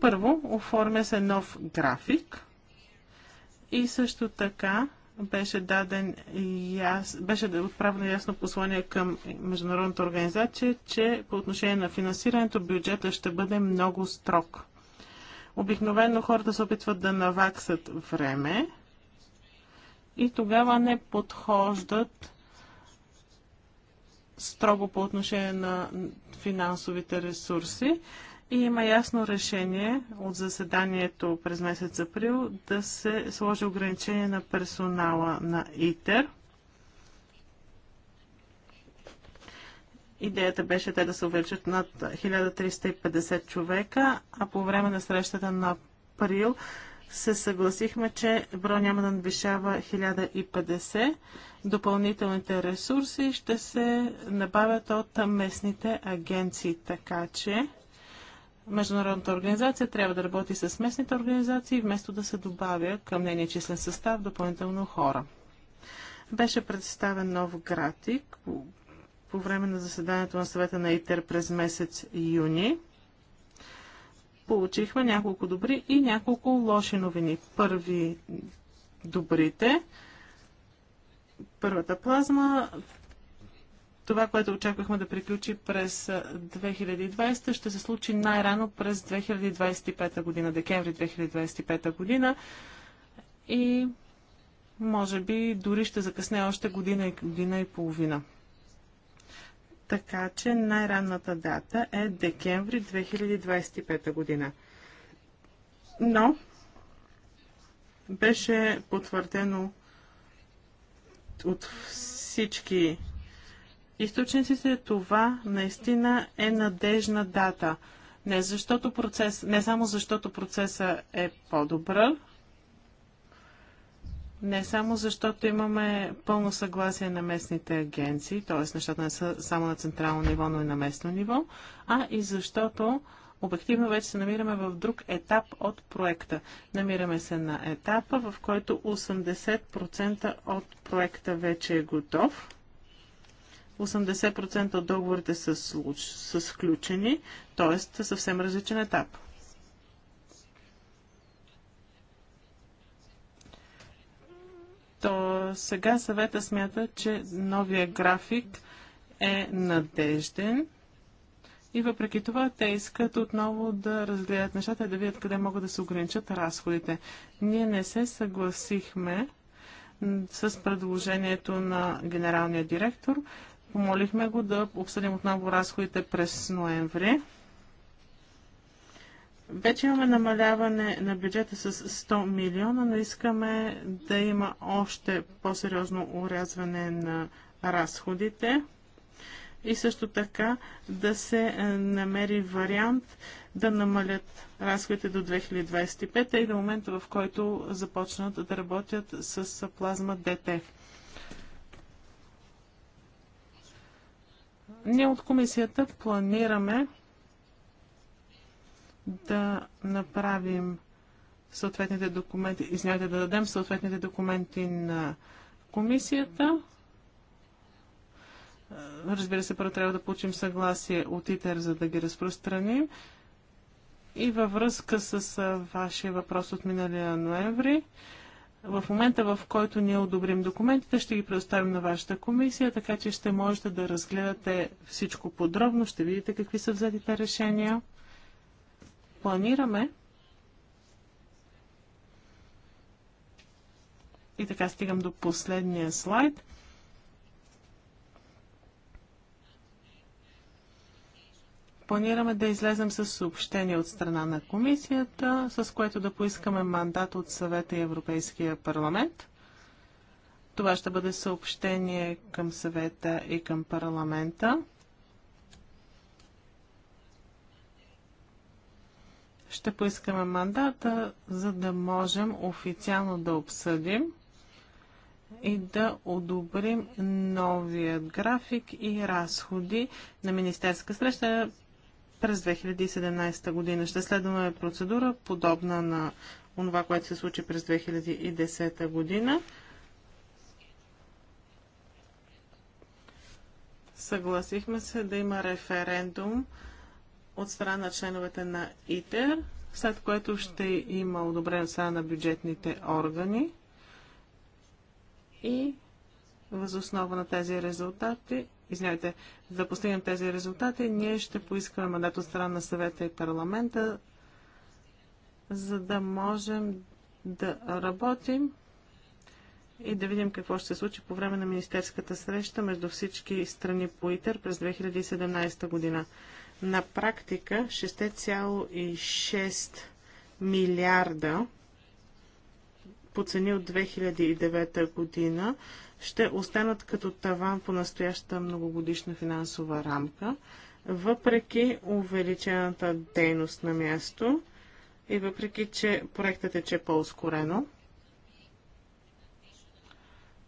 първо, оформя се нов график и също така беше даден яс, беше отправено ясно послание към Международната организация, че по отношение на финансирането бюджета ще бъде много строг. Обикновено хората се опитват да наваксат време и тогава не подхождат строго по отношение на финансовите ресурси. И има ясно решение от заседанието през месец април да се сложи ограничение на персонала на ИТЕР. Идеята беше те да се увеличат над 1350 човека, а по време на срещата на април се съгласихме, че броя няма да надвишава 1050. Допълнителните ресурси ще се набавят от местните агенции, така че Международната организация трябва да работи с местните организации, вместо да се добавя към нейния числен състав допълнително хора. Беше представен нов график по, по време на заседанието на съвета на ИТЕР през месец юни. Получихме няколко добри и няколко лоши новини. Първи добрите. Първата плазма това, което очаквахме да приключи през 2020, ще се случи най-рано през 2025 година, декември 2025 година. И може би дори ще закъсне още година и, година и половина. Така че най-ранната дата е декември 2025 година. Но беше потвърдено от всички източниците, това наистина е надежна дата. Не, защото процес, не само защото процеса е по-добър, не само защото имаме пълно съгласие на местните агенции, т.е. нещата не са само на централно ниво, но и на местно ниво, а и защото обективно вече се намираме в друг етап от проекта. Намираме се на етапа, в който 80% от проекта вече е готов 80% от договорите са, случ... са сключени, т.е. съвсем различен етап. То сега съвета смята, че новия график е надежден и въпреки това те искат отново да разгледат нещата и да видят къде могат да се ограничат разходите. Ние не се съгласихме с предложението на генералния директор Помолихме го да обсъдим отново разходите през ноември. Вече имаме намаляване на бюджета с 100 милиона, но искаме да има още по-сериозно урязване на разходите и също така да се намери вариант да намалят разходите до 2025 и до момента, в който започнат да работят с плазма ДТФ. Ние от комисията планираме да направим съответните документи, извинявайте, да дадем съответните документи на комисията. Разбира се, първо трябва да получим съгласие от ИТЕР, за да ги разпространим. И във връзка с вашия въпрос от миналия ноември, в момента, в който ние одобрим документите, ще ги предоставим на вашата комисия, така че ще можете да разгледате всичко подробно, ще видите какви са взетите решения. Планираме и така стигам до последния слайд – Планираме да излезем с съобщение от страна на комисията, с което да поискаме мандат от съвета и Европейския парламент. Това ще бъде съобщение към съвета и към парламента. Ще поискаме мандата, за да можем официално да обсъдим и да одобрим новият график и разходи на Министерска среща през 2017 година. Ще следваме процедура, подобна на това, което се случи през 2010 година. Съгласихме се да има референдум от страна на членовете на ИТЕР, след което ще има одобрен от страна на бюджетните органи и възоснова на тези резултати извинявайте, за да постигнем тези резултати, ние ще поискаме мандат от страна на съвета и парламента, за да можем да работим и да видим какво ще се случи по време на министерската среща между всички страни по ИТЕР през 2017 година. На практика 6,6 милиарда по цени от 2009 година ще останат като таван по настоящата многогодишна финансова рамка, въпреки увеличената дейност на място и въпреки, че проектът е че е по-ускорено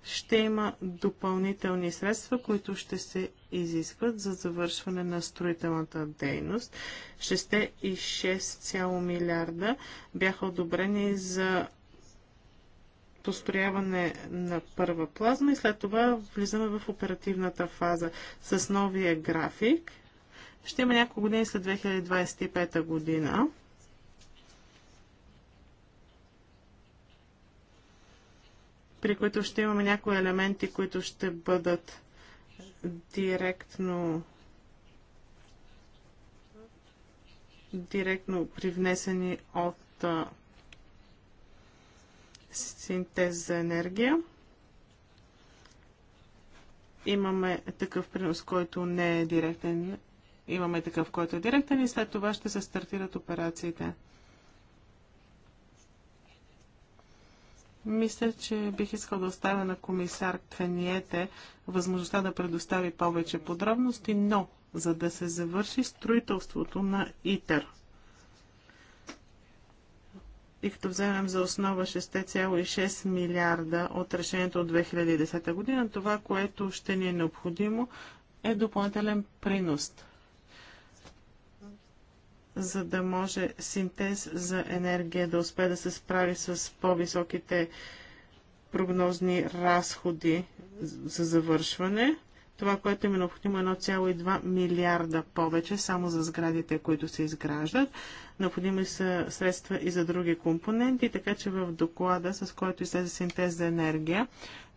ще има допълнителни средства, които ще се изискват за завършване на строителната дейност. 6,6 милиарда бяха одобрени за построяване на първа плазма и след това влизаме в оперативната фаза с новия график. Ще има няколко години след 2025 година. при които ще имаме някои елементи, които ще бъдат директно директно привнесени от синтез за енергия. Имаме такъв принос, който не е директен. Имаме такъв, който е директен и след това ще се стартират операциите. Мисля, че бих искал да оставя на комисар Каниете възможността да предостави повече подробности, но за да се завърши строителството на ИТЕР и като вземем за основа 6,6 милиарда от решението от 2010 година, това, което ще ни е необходимо, е допълнителен принос, за да може синтез за енергия да успе да се справи с по-високите прогнозни разходи за завършване това, което им е необходимо 1,2 е милиарда повече само за сградите, които се изграждат. Необходими са средства и за други компоненти, така че в доклада, с който излезе синтез за енергия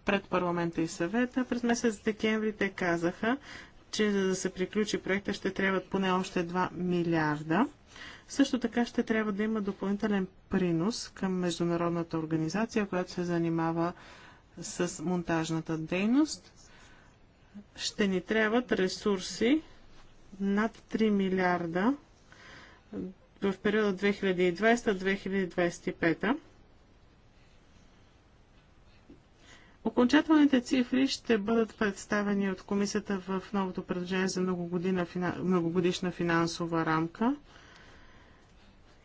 пред парламента и съвета, през месец декември те казаха, че за да се приключи проекта ще трябват поне още 2 милиарда. Също така ще трябва да има допълнителен принос към международната организация, която се занимава с монтажната дейност ще ни трябват ресурси над 3 милиарда в периода 2020-2025. Окончателните цифри ще бъдат представени от комисията в новото предложение за многогодишна финансова рамка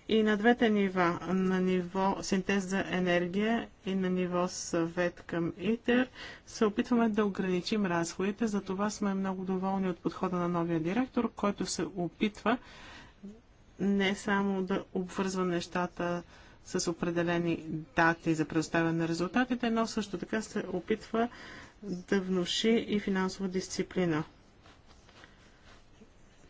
и на двете нива, на ниво синтез за енергия и на ниво съвет към ИТЕР, се опитваме да ограничим разходите. За това сме много доволни от подхода на новия директор, който се опитва не само да обвързва нещата с определени дати за предоставяне на резултатите, но също така се опитва да внуши и финансова дисциплина.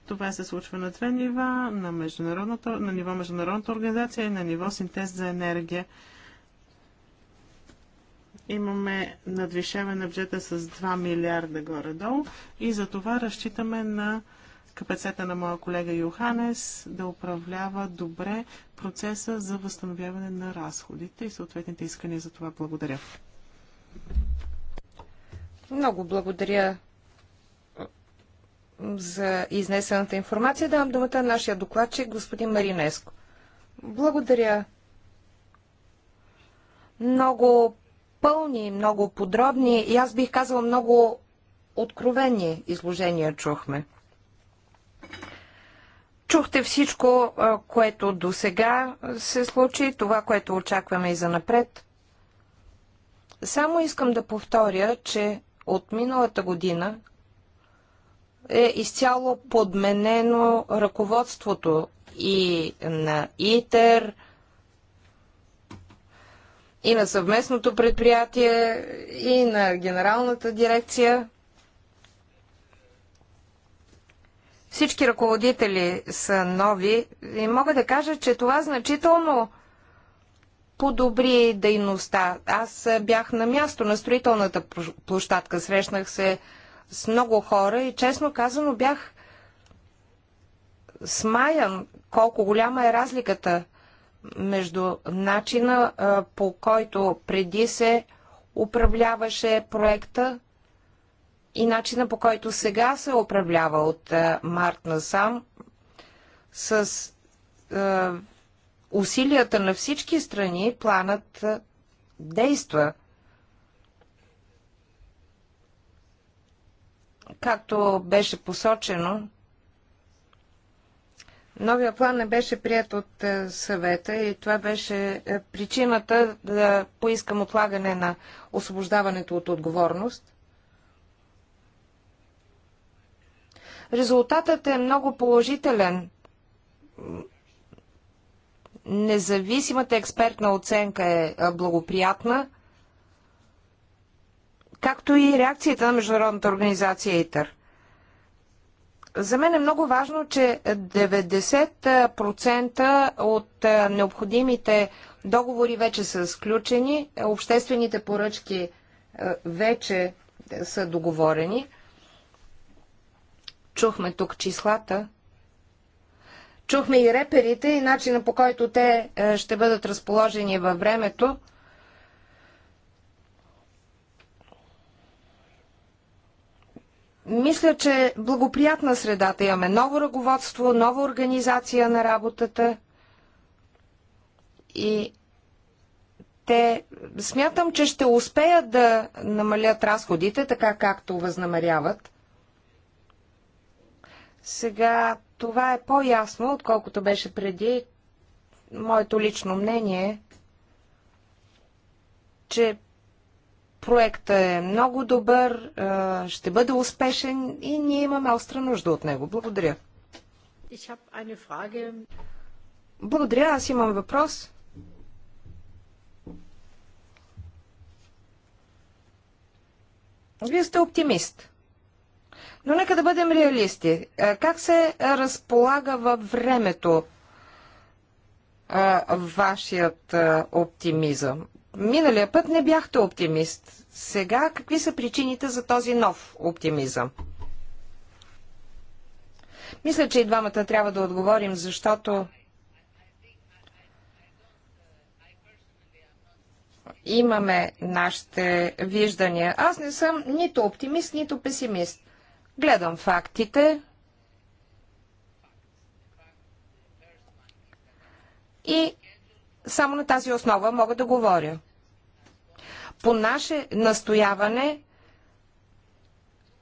Това се случва на две нива, на, международната, на ниво Международната организация и на ниво синтез за енергия. Имаме надвишаване на бюджета с 2 милиарда горе-долу и за това разчитаме на капацета на моя колега Йоханес да управлява добре процеса за възстановяване на разходите и съответните искания за това. Благодаря. Много благодаря за изнесената информация. Давам думата на нашия докладчик, господин Маринеско. Благодаря. Много пълни, много подробни и аз бих казала много откровени изложения чухме. Чухте всичко, което до сега се случи, това, което очакваме и за напред. Само искам да повторя, че от миналата година е изцяло подменено ръководството и на ИТЕР, и на съвместното предприятие, и на генералната дирекция. Всички ръководители са нови и мога да кажа, че това значително подобри дейността. Аз бях на място на строителната площадка, срещнах се с много хора и честно казано бях смаян колко голяма е разликата между начина по който преди се управляваше проекта и начина по който сега се управлява от март насам с усилията на всички страни планът действа. Както беше посочено, новия план не беше прият от е, съвета и това беше е, причината да поискам отлагане на освобождаването от отговорност. Резултатът е много положителен. Независимата експертна оценка е благоприятна както и реакцията на Международната организация ИТАР. За мен е много важно, че 90% от е, необходимите договори вече са сключени, обществените поръчки е, вече е, са договорени. Чухме тук числата. Чухме и реперите и начина по който те ще бъдат разположени във времето. Мисля, че благоприятна средата имаме ново ръководство, нова организация на работата и те смятам, че ще успеят да намалят разходите, така както възнамеряват. Сега това е по-ясно, отколкото беше преди. Моето лично мнение е, че Проектът е много добър, ще бъде успешен и ние имаме остра нужда от него. Благодаря. Благодаря, аз имам въпрос. Вие сте оптимист. Но нека да бъдем реалисти. Как се разполага във времето вашият оптимизъм? Миналия път не бяхте оптимист. Сега какви са причините за този нов оптимизъм? Мисля, че и двамата трябва да отговорим, защото имаме нашите виждания. Аз не съм нито оптимист, нито песимист. Гледам фактите и само на тази основа мога да говоря. По наше настояване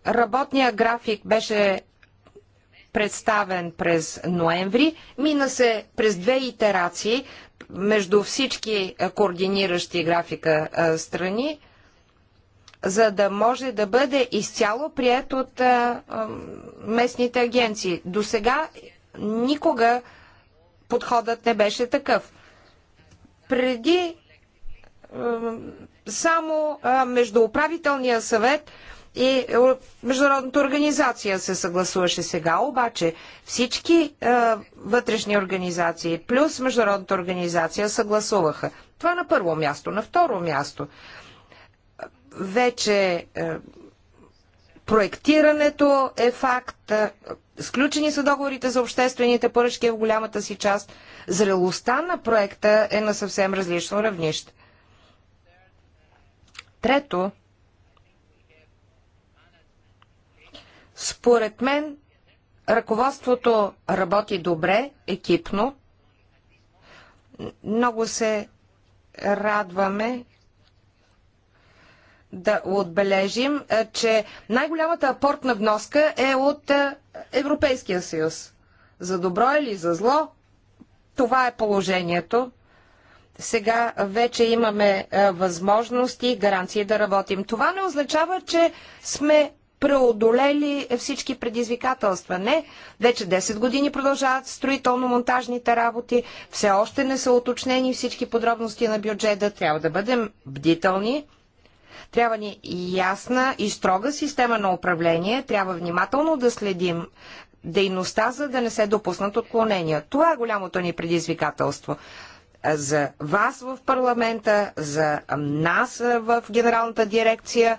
работният график беше представен през ноември, мина се през две итерации между всички координиращи графика страни, за да може да бъде изцяло прият от местните агенции. До сега никога подходът не беше такъв. Преди само между управителния съвет и е, Международната организация се съгласуваше сега, обаче всички вътрешни организации плюс Международната организация съгласуваха. Това на първо място. На второ място вече е, проектирането е факт, е, сключени са договорите за обществените поръчки в голямата си част. Зрелостта на проекта е на съвсем различно равнище. Трето, според мен ръководството работи добре, екипно. Много се радваме да отбележим, че най-голямата апортна вноска е от Европейския съюз. За добро или за зло, това е положението сега вече имаме е, възможности и гаранции да работим. Това не означава, че сме преодолели всички предизвикателства. Не, вече 10 години продължават строително-монтажните работи, все още не са уточнени всички подробности на бюджета, трябва да бъдем бдителни. Трябва ни ясна и строга система на управление, трябва внимателно да следим дейността, за да не се допуснат отклонения. Това е голямото ни предизвикателство за вас в парламента, за нас в генералната дирекция,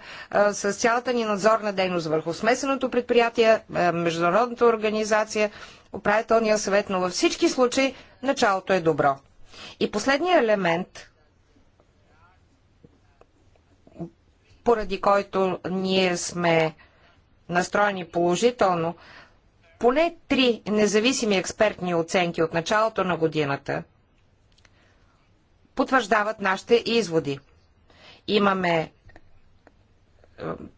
с цялата ни надзорна дейност върху смесеното предприятие, международната организация, управителния съвет, но във всички случаи началото е добро. И последният елемент, поради който ние сме настроени положително, поне три независими експертни оценки от началото на годината – потвърждават нашите изводи. Имаме е,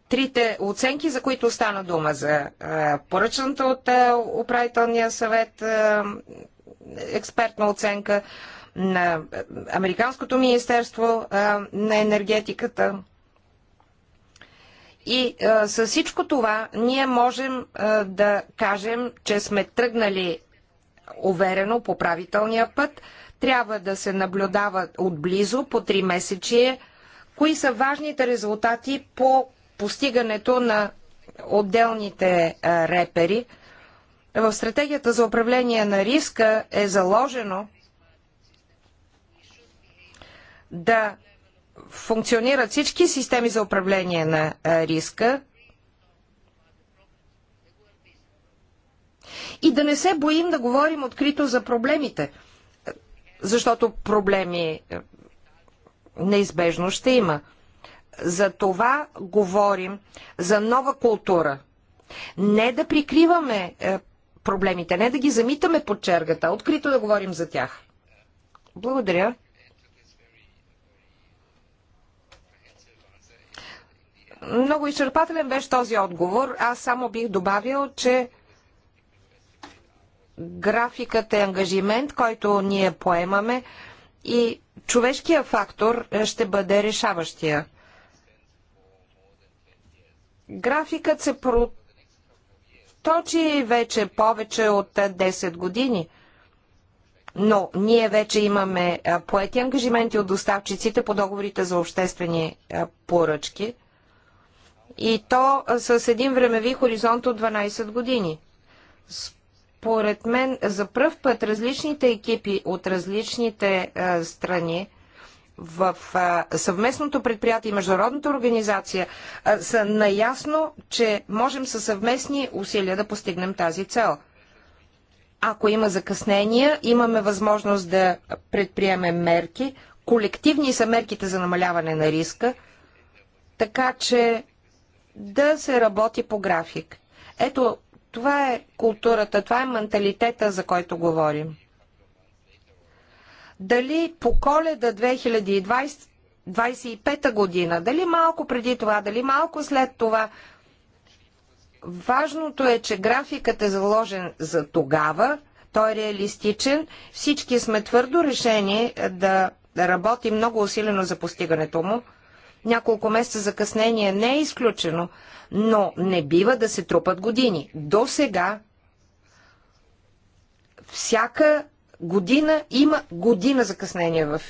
трите оценки, за които стана дума за е, поръчната от е, управителния съвет експертна оценка на Американското министерство на енергетиката. И с всичко това ние можем да кажем, че сме тръгнали уверено по правителния път – трябва да се наблюдават отблизо по три месечие, кои са важните резултати по постигането на отделните е, репери. В стратегията за управление на риска е заложено да функционират всички системи за управление на е, риска и да не се боим да говорим открито за проблемите – защото проблеми е, неизбежно ще има. За това говорим за нова култура. Не да прикриваме е, проблемите, не да ги замитаме под чергата, открито да говорим за тях. Благодаря. Много изчерпателен беше този отговор. Аз само бих добавил, че графикът е ангажимент, който ние поемаме и човешкият фактор ще бъде решаващия. Графикът се проточи вече повече от 10 години, но ние вече имаме поети ангажименти от доставчиците по договорите за обществени поръчки и то с един времеви хоризонт от 12 години поред мен за пръв път различните екипи от различните а, е, страни в а, е, съвместното предприятие и международната организация а, е, са наясно, че можем със съвместни усилия да постигнем тази цел. Ако има закъснения, имаме възможност да предприемем мерки. Колективни са мерките за намаляване на риска, така че да се работи по график. Ето това е културата, това е менталитета, за който говорим. Дали по коледа 2020 година, дали малко преди това, дали малко след това. Важното е, че графикът е заложен за тогава, той е реалистичен, всички сме твърдо решени да работим много усилено за постигането му няколко месеца закъснение не е изключено, но не бива да се трупат години. До сега всяка година има година закъснение в,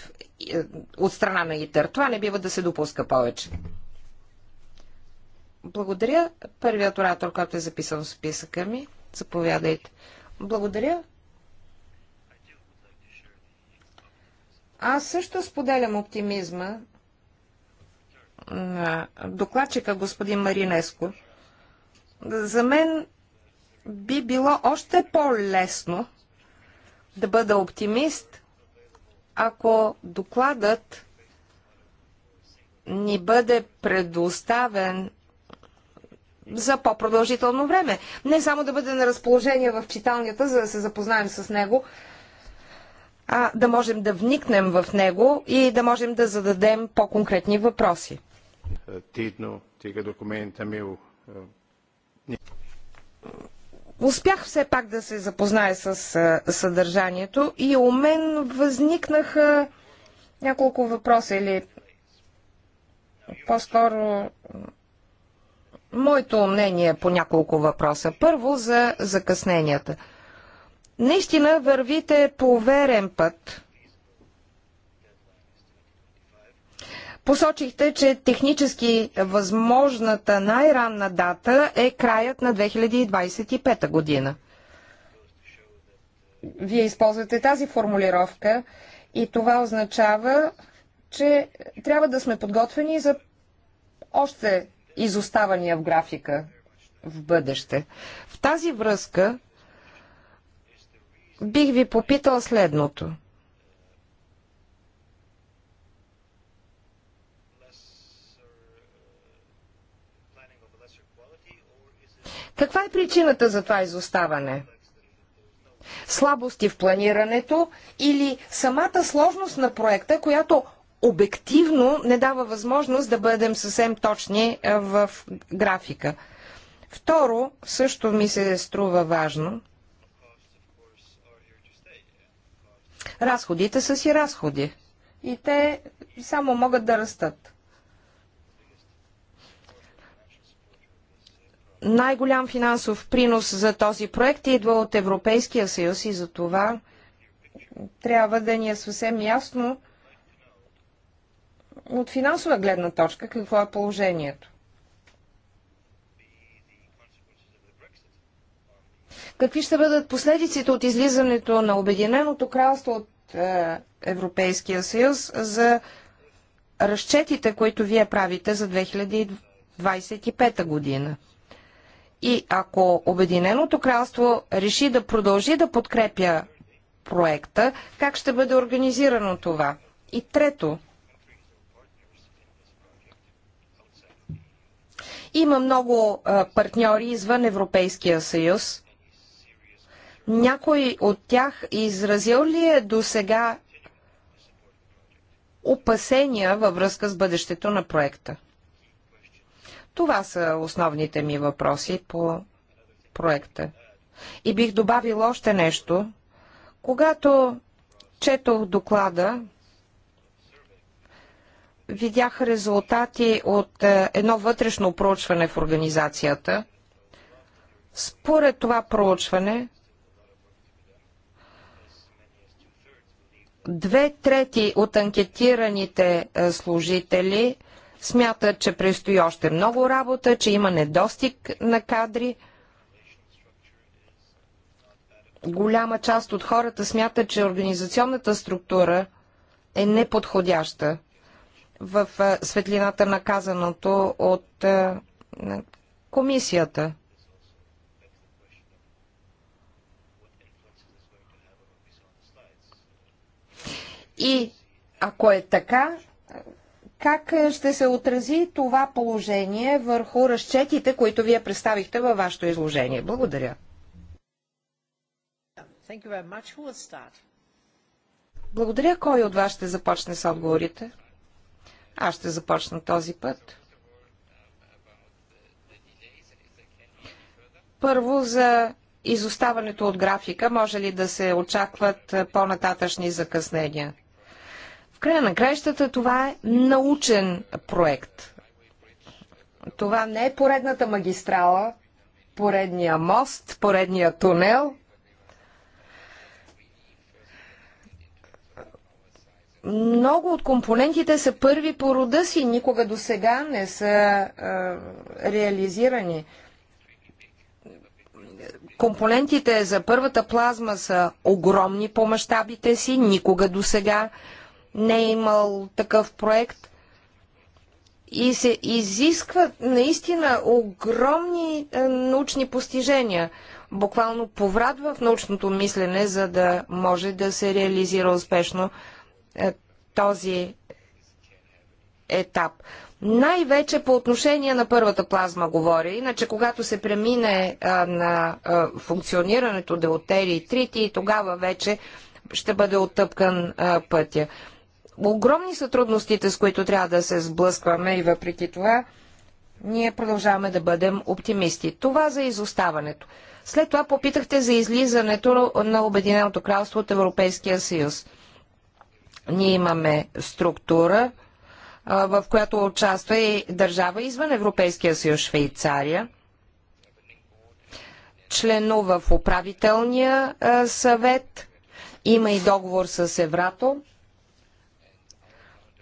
е, от страна на ИТЕР. Това не бива да се допуска повече. Благодаря. Първият оратор, който е записан в списъка ми, заповядайте. Благодаря. Аз също споделям оптимизма на докладчика господин Маринеско, за мен би било още по-лесно да бъда оптимист, ако докладът ни бъде предоставен за по-продължително време. Не само да бъде на разположение в читалнията, за да се запознаем с него, а да можем да вникнем в него и да можем да зададем по-конкретни въпроси тедно тега документа мил. Е е, Успях все пак да се запозная с е, съдържанието и у мен възникнаха няколко въпроса или по-скоро моето мнение по няколко въпроса. Първо за закъсненията. Наистина вървите по верен път Посочихте, че технически възможната най-ранна дата е краят на 2025 година. Вие използвате тази формулировка и това означава, че трябва да сме подготвени за още изоставания в графика в бъдеще. В тази връзка бих ви попитал следното – Каква е причината за това изоставане? Слабости в планирането или самата сложност на проекта, която обективно не дава възможност да бъдем съвсем точни в графика. Второ, също ми се струва важно, разходите са си разходи. И те само могат да растат. най-голям финансов принос за този проект идва от Европейския съюз и за това трябва да ни е съвсем ясно от финансова гледна точка какво е положението. Какви ще бъдат последиците от излизането на Обединеното кралство от е, Европейския съюз за разчетите, които вие правите за 2025 година? И ако Обединеното кралство реши да продължи да подкрепя проекта, как ще бъде организирано това? И трето, има много партньори извън Европейския съюз. Някой от тях изразил ли е до сега опасения във връзка с бъдещето на проекта? Това са основните ми въпроси по проекта. И бих добавил още нещо. Когато четох доклада, видях резултати от е, едно вътрешно проучване в организацията. Според това проучване, две трети от анкетираните е, служители – смята, че предстои още много работа, че има недостиг на кадри. Голяма част от хората смята, че организационната структура е неподходяща в светлината на казаното от комисията. И ако е така, как е, ще се отрази това положение върху разчетите, които вие представихте във вашето изложение? Благодаря. Благодаря. Кой от вас ще започне с отговорите? Аз ще започна този път. Първо за изоставането от графика. Може ли да се очакват е, по-нататъчни закъснения? В края на краищата това е научен проект. Това не е поредната магистрала, поредния мост, поредния тунел. Много от компонентите са първи по рода си, никога до сега не са е, реализирани. Компонентите за първата плазма са огромни по мащабите си, никога до сега не е имал такъв проект. И се изискват наистина огромни е, научни постижения, буквално поврат в научното мислене, за да може да се реализира успешно е, този етап. Най-вече по отношение на първата плазма говоря. Иначе, когато се премине а, на а, функционирането делтерии трити, тогава вече ще бъде оттъпкан а, пътя огромни са трудностите, с които трябва да се сблъскваме и въпреки това ние продължаваме да бъдем оптимисти. Това за изоставането. След това попитахте за излизането на Обединеното кралство от Европейския съюз. Ние имаме структура, в която участва и държава извън Европейския съюз Швейцария. Членува в управителния съвет. Има и договор с Еврато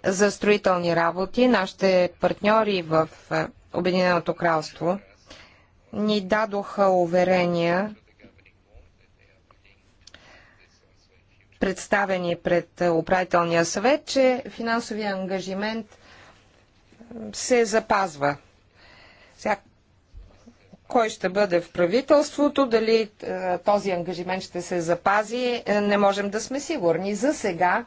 за строителни работи. Нашите партньори в е, Обединеното кралство ни дадоха уверения, представени пред е, управителния съвет, че финансовия ангажимент се запазва. Сега, кой ще бъде в правителството, дали е, този ангажимент ще се запази, не можем да сме сигурни. За сега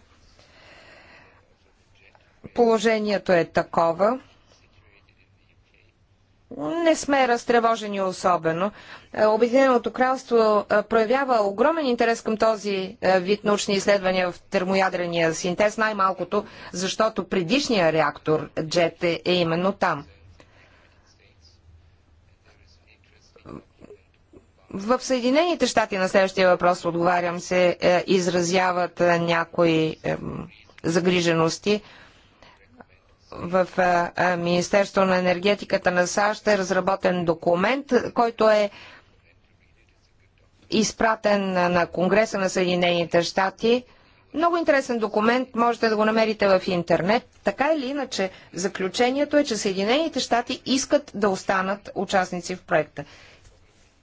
Положението е такова. Не сме разтревожени особено. Е, Обединеното кралство е, проявява огромен интерес към този е, вид научни изследвания в термоядрения синтез, най-малкото, защото предишният реактор джет е именно там. В Съединените щати на следващия въпрос, отговарям се, изразяват някои загрижености в Министерство на енергетиката на САЩ е разработен документ, който е изпратен на Конгреса на Съединените щати. Много интересен документ, можете да го намерите в интернет. Така или иначе, заключението е, че Съединените щати искат да останат участници в проекта.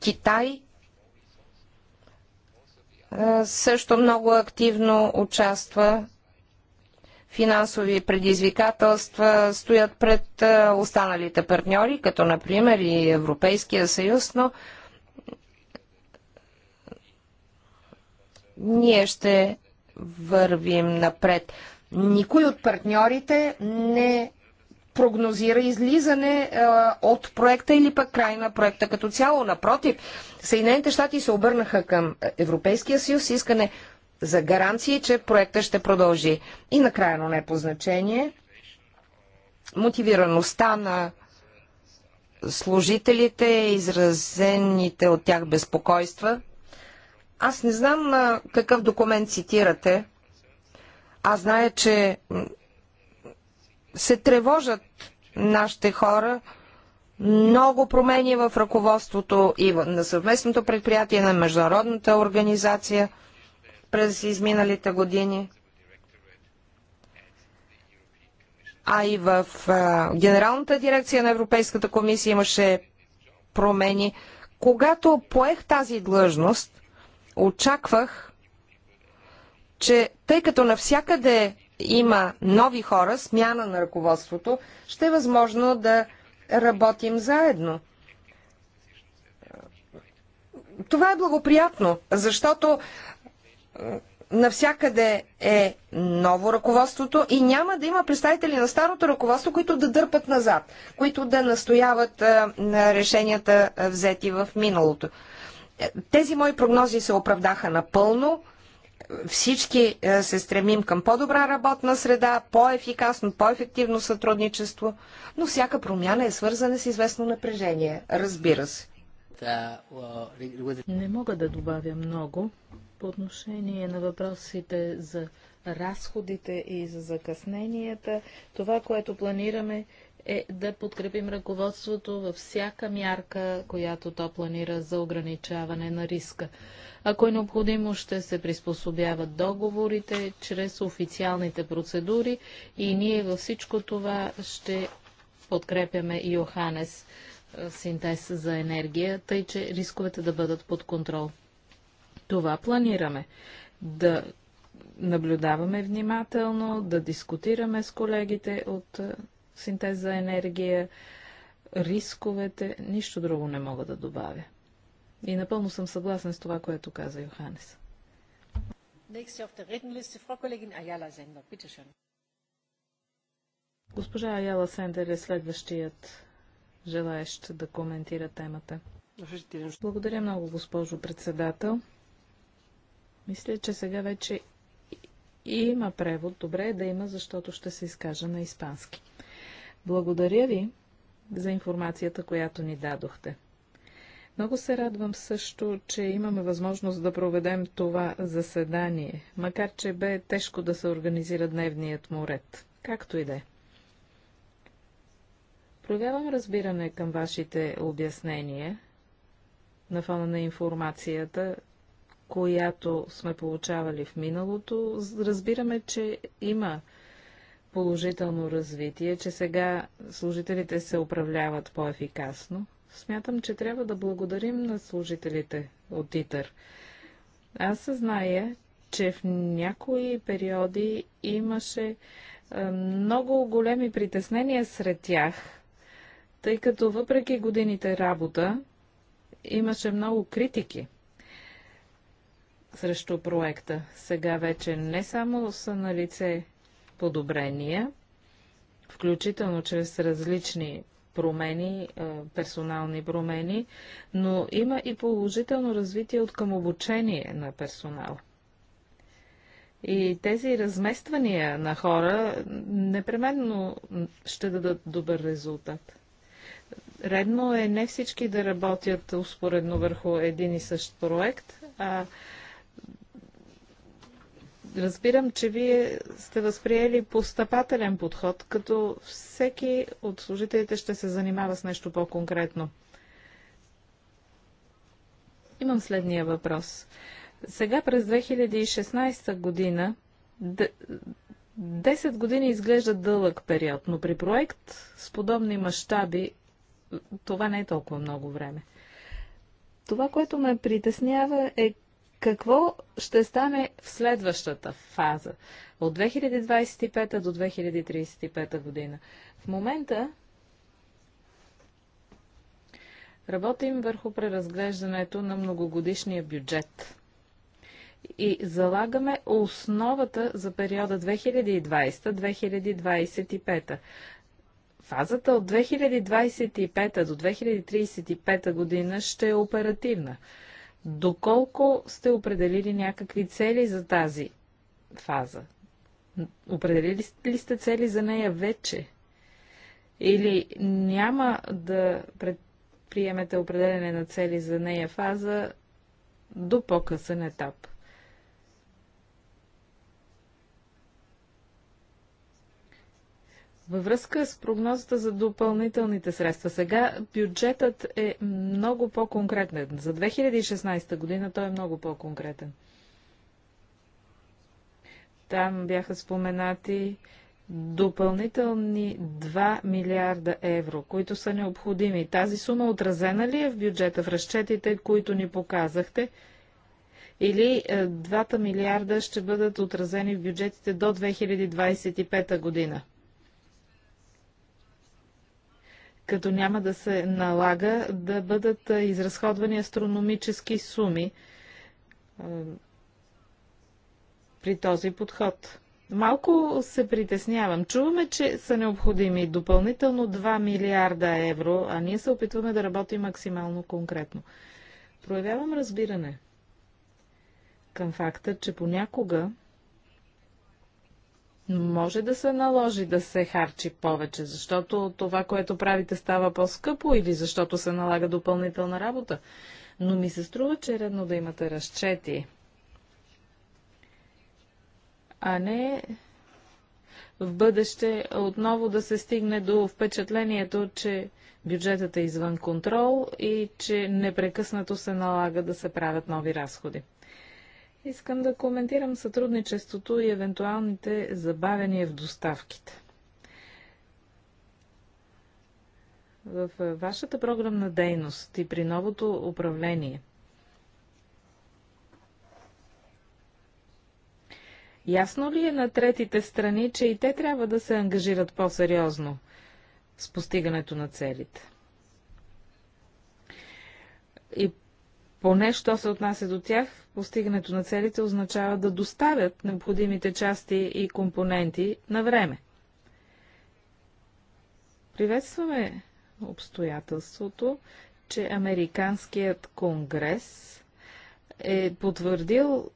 Китай също много активно участва финансови предизвикателства стоят пред останалите партньори, като например и Европейския съюз, но ние ще вървим напред. Никой от партньорите не прогнозира излизане а, от проекта или пък край на проекта като цяло. Напротив, Съединените щати се обърнаха към Европейския съюз с искане за гаранции, че проекта ще продължи. И накрая, но не по значение, мотивираността на служителите, изразените от тях безпокойства. Аз не знам на какъв документ цитирате. Аз знае, че се тревожат нашите хора, много промени в ръководството и на съвместното предприятие, на международната организация – през изминалите години, а и в Генералната дирекция на Европейската комисия имаше промени. Когато поех тази длъжност, очаквах, че тъй като навсякъде има нови хора, смяна на ръководството, ще е възможно да работим заедно. Това е благоприятно, защото навсякъде е ново ръководството и няма да има представители на старото ръководство, които да дърпат назад, които да настояват на решенията взети в миналото. Тези мои прогнози се оправдаха напълно. Всички се стремим към по-добра работна среда, по-ефикасно, по-ефективно сътрудничество, но всяка промяна е свързана с известно напрежение, разбира се. Не мога да добавя много по отношение на въпросите за разходите и за закъсненията, това, което планираме е да подкрепим ръководството във всяка мярка, която то планира за ограничаване на риска. Ако е необходимо, ще се приспособяват договорите чрез официалните процедури и ние във всичко това ще подкрепяме Йоханес синтез за енергия, тъй че рисковете да бъдат под контрол. Това планираме. Да наблюдаваме внимателно, да дискутираме с колегите от е, синтез за енергия, рисковете, нищо друго не мога да добавя. И напълно съм съгласен с това, което каза Йоханес. Госпожа Аяла Сендер е следващият желаещ да коментира темата. Благодаря много, госпожо председател. Мисля, че сега вече има превод. Добре е да има, защото ще се изкажа на испански. Благодаря ви за информацията, която ни дадохте. Много се радвам също, че имаме възможност да проведем това заседание, макар че бе тежко да се организира дневният му ред. Както и да е. Проявявам разбиране към вашите обяснения на фона на информацията, която сме получавали в миналото, разбираме, че има положително развитие, че сега служителите се управляват по-ефикасно. Смятам, че трябва да благодарим на служителите от ИТър. Аз съзная, че в някои периоди имаше много големи притеснения сред тях, тъй като въпреки годините работа имаше много критики – срещу проекта. Сега вече не само са на лице подобрения, включително чрез различни промени, персонални промени, но има и положително развитие от към обучение на персонал. И тези размествания на хора непременно ще дадат добър резултат. Редно е не всички да работят успоредно върху един и същ проект, а Разбирам, че вие сте възприели постъпателен подход, като всеки от служителите ще се занимава с нещо по-конкретно. Имам следния въпрос. Сега през 2016 година 10 години изглежда дълъг период, но при проект с подобни мащаби това не е толкова много време. Това, което ме притеснява е какво ще стане в следващата фаза от 2025 до 2035 година? В момента работим върху преразглеждането на многогодишния бюджет и залагаме основата за периода 2020-2025. Фазата от 2025 до 2035 година ще е оперативна. Доколко сте определили някакви цели за тази фаза? Определили ли сте цели за нея вече? Или няма да предприемете определене на цели за нея фаза до по-късен етап? Във връзка с прогнозата за допълнителните средства, сега бюджетът е много по-конкретен. За 2016 година той е много по-конкретен. Там бяха споменати допълнителни 2 милиарда евро, които са необходими. Тази сума отразена ли е в бюджета, в разчетите, които ни показахте? Или 2 е, милиарда ще бъдат отразени в бюджетите до 2025 година? като няма да се налага да бъдат изразходвани астрономически суми при този подход. Малко се притеснявам. Чуваме, че са необходими допълнително 2 милиарда евро, а ние се опитваме да работим максимално конкретно. Проявявам разбиране към факта, че понякога може да се наложи да се харчи повече, защото това, което правите, става по-скъпо или защото се налага допълнителна работа. Но ми се струва, че е редно да имате разчети, а не в бъдеще отново да се стигне до впечатлението, че бюджетът е извън контрол и че непрекъснато се налага да се правят нови разходи. Искам да коментирам сътрудничеството и евентуалните забавения в доставките. В е, вашата програмна дейност и при новото управление Ясно ли е на третите страни, че и те трябва да се ангажират по-сериозно с постигането на целите? И поне, що се отнася до тях, постигането на целите означава да доставят необходимите части и компоненти на време. Приветстваме обстоятелството, че Американският конгрес е потвърдил,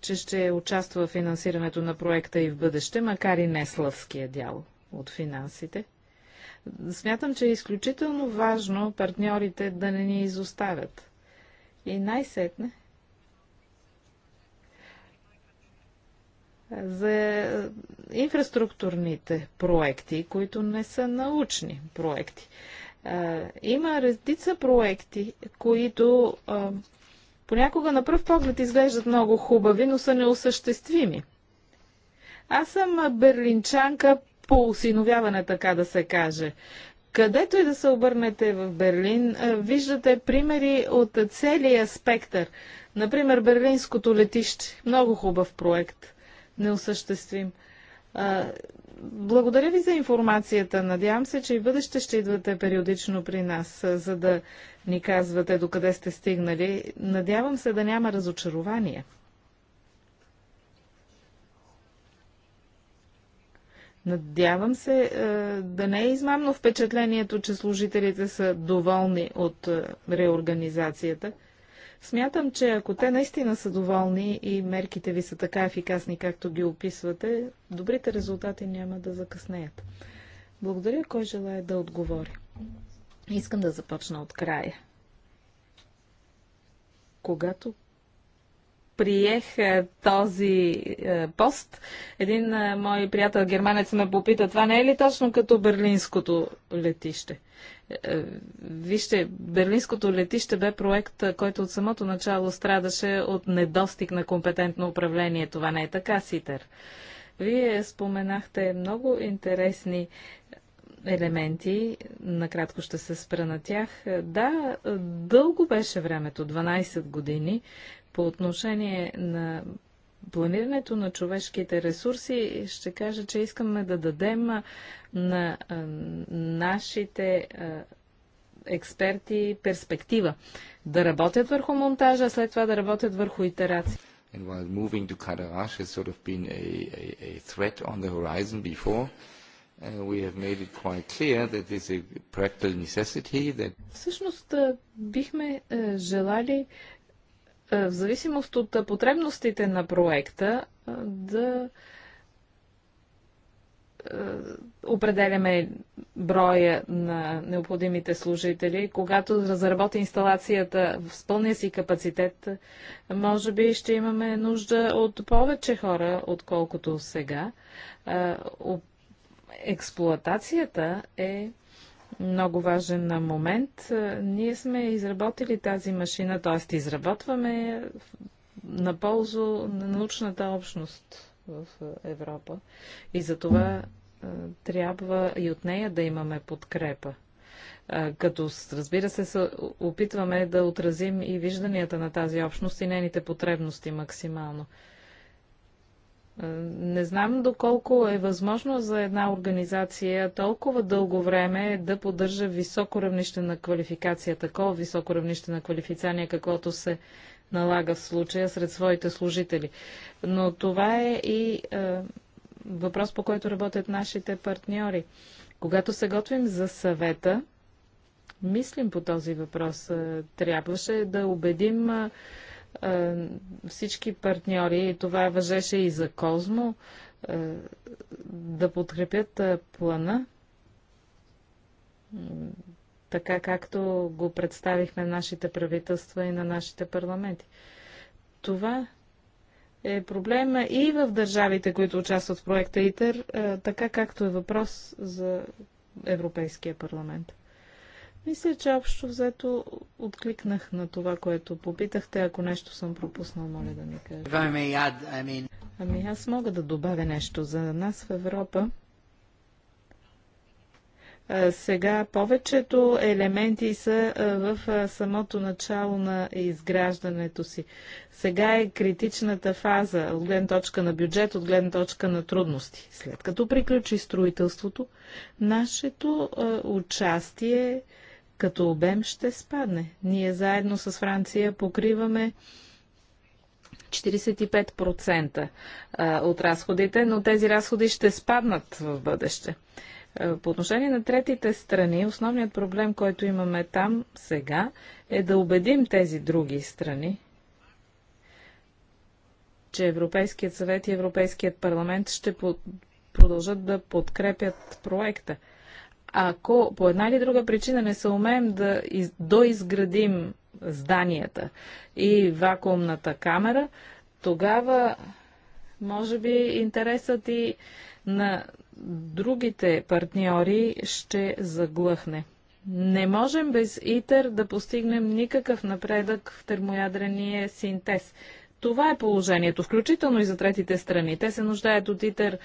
че ще участва в финансирането на проекта и в бъдеще, макар и не славския дял от финансите. Смятам, че е изключително важно партньорите да не ни изоставят. И най-сетне за инфраструктурните проекти, които не са научни проекти. Има редица проекти, които понякога на пръв поглед изглеждат много хубави, но са неосъществими. Аз съм берлинчанка по осиновяване, така да се каже. Където и да се обърнете в Берлин, виждате примери от целия спектър. Например, Берлинското летище. Много хубав проект. Неосъществим. Благодаря ви за информацията. Надявам се, че и бъдеще ще идвате периодично при нас, за да ни казвате докъде сте стигнали. Надявам се да няма разочарование. Надявам се е, да не е измамно впечатлението, че служителите са доволни от е, реорганизацията. Смятам, че ако те наистина са доволни и мерките ви са така ефикасни, както ги описвате, добрите резултати няма да закъснеят. Благодаря, кой желая да отговори. Искам да започна от края. Когато приех е, този е, пост, един е, мой приятел германец ме попита, това не е ли точно като берлинското летище? Вижте, Берлинското летище бе проект, който от самото начало страдаше от недостиг на компетентно управление. Това не е така, Ситер. Вие споменахте много интересни елементи, накратко ще се спра на тях. Да, дълго беше времето, 12 години, по отношение на планирането на човешките ресурси, ще кажа, че искаме да дадем на нашите експерти перспектива. Да работят върху монтажа, а след това да работят върху итерации. And while moving to Kadarash has sort of been a, a, a threat on the horizon before, uh, we have made it quite clear that this is a practical necessity that... Всъщност бихме желали uh, е, в зависимост от е, потребностите на проекта е, да определяме броя на необходимите служители. Когато разработи инсталацията в пълния си капацитет, може би ще имаме нужда от повече хора, отколкото сега. Експлоатацията е много важен момент. Е, ние сме изработили тази машина, т.е. изработваме на ползу на научната общност в е, Европа. И за това е, трябва и от нея да имаме подкрепа. Като, разбира се, опитваме да отразим и вижданията на тази общност и нейните потребности максимално. Е, не знам доколко е възможно за една организация толкова дълго време да поддържа високо равнище на квалификация, такова високо равнище на квалифицание, каквото се налага в случая сред своите служители. Но това е и е, въпрос, по който работят нашите партньори. Когато се готвим за съвета, мислим по този въпрос. Е, трябваше да убедим. Е, е, всички партньори, и това въжеше и за Козмо, е, да подкрепят е, плана, така както го представихме на нашите правителства и на нашите парламенти. Това е проблема и в държавите, които участват в проекта ИТЕР, така както е въпрос за Европейския парламент. Мисля, че общо взето откликнах на това, което попитахте. Ако нещо съм пропуснал, моля да ми кажете. Ами аз мога да добавя нещо. За нас в Европа сега повечето елементи са в самото начало на изграждането си. Сега е критичната фаза от гледна точка на бюджет, от гледна точка на трудности. След като приключи строителството, нашето участие е като обем ще спадне. Ние заедно с Франция покриваме 45% от разходите, но тези разходи ще спаднат в бъдеще. По отношение на третите страни, основният проблем, който имаме там сега, е да убедим тези други страни, че Европейският съвет и Европейският парламент ще продължат да подкрепят проекта ако по една или друга причина не умеем да из, доизградим зданията и вакуумната камера, тогава може би интересът и на другите партньори ще заглъхне. Не можем без ИТЕР да постигнем никакъв напредък в термоядрения синтез. Това е положението, включително и за третите страни. Те се нуждаят от ИТЕР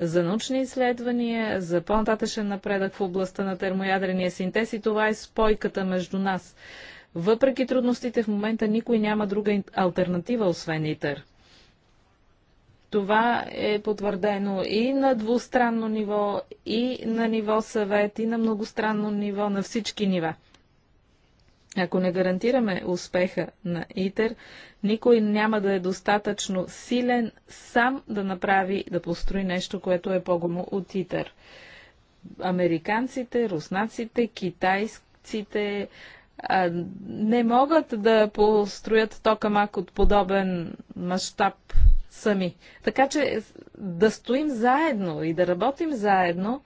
за научни изследвания, за по-нататъчен напредък в областта на термоядрения синтез и това е спойката между нас. Въпреки трудностите в момента никой няма друга альтернатива, освен ИТЕР. Това е потвърдено и на двустранно ниво, и на ниво съвет, и на многостранно ниво, на всички нива. Ако не гарантираме успеха на ИТЕР, никой няма да е достатъчно силен сам да направи, да построи нещо, което е по-гомо от ИТЕР. Американците, руснаците, китайците а, не могат да построят токамак от подобен мащаб сами. Така че да стоим заедно и да работим заедно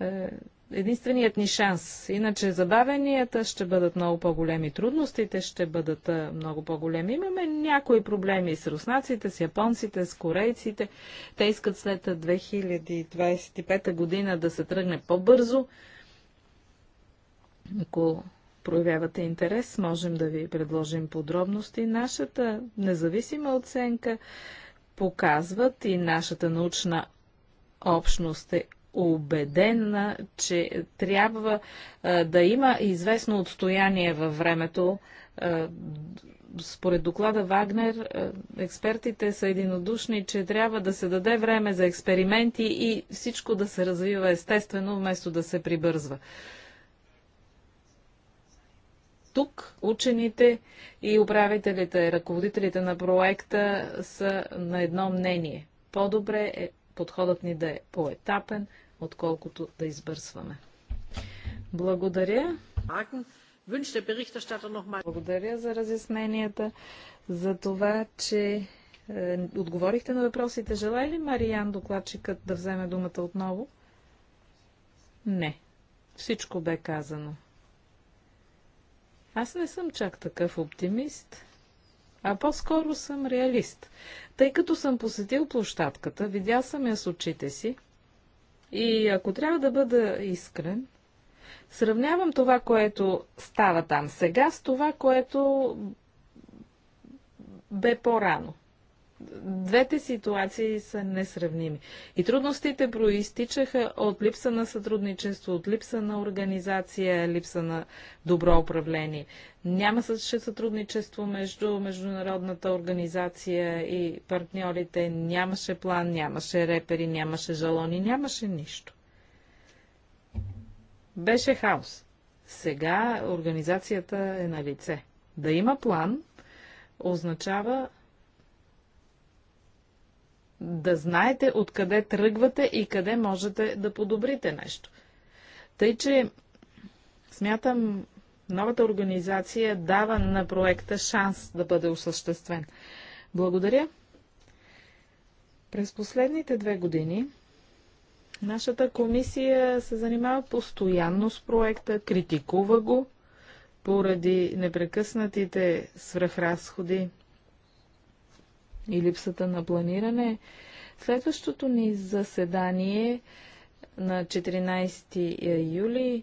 е, единственият ни шанс. Иначе забавенията ще бъдат много по-големи, трудностите ще бъдат много по-големи. Имаме някои проблеми с руснаците, с японците, с корейците. Те искат след 2025 година да се тръгне по-бързо. Ако проявявате интерес, можем да ви предложим подробности. Нашата независима оценка показват и нашата научна общност е убедена, че трябва а, да има известно отстояние във времето. А, според доклада Вагнер, експертите са единодушни, че трябва да се даде време за експерименти и всичко да се развива естествено, вместо да се прибързва. Тук учените и управителите, ръководителите на проекта са на едно мнение. По-добре е подходът ни да е поетапен, отколкото да избърсваме. Благодаря. Благодаря за разясненията, за това, че е, отговорихте на въпросите. Желая ли Мариян докладчикът да вземе думата отново? Не. Всичко бе казано. Аз не съм чак такъв оптимист, а по-скоро съм реалист. Тъй като съм посетил площадката, видял съм я с очите си, и ако трябва да бъда искрен, сравнявам това, което става там сега с това, което бе по-рано. Двете ситуации са несравними. И трудностите проистичаха от липса на сътрудничество, от липса на организация, липса на добро управление. Няма също сътрудничество между международната организация и партньорите. Нямаше план, нямаше репери, нямаше жалони, нямаше нищо. Беше хаос. Сега организацията е на лице. Да има план означава да знаете откъде тръгвате и къде можете да подобрите нещо. Тъй, че смятам, новата организация дава на проекта шанс да бъде осъществен. Благодаря. През последните две години нашата комисия се занимава постоянно с проекта, критикува го поради непрекъснатите свръхразходи, и липсата на планиране. Следващото ни заседание на 14 е, юли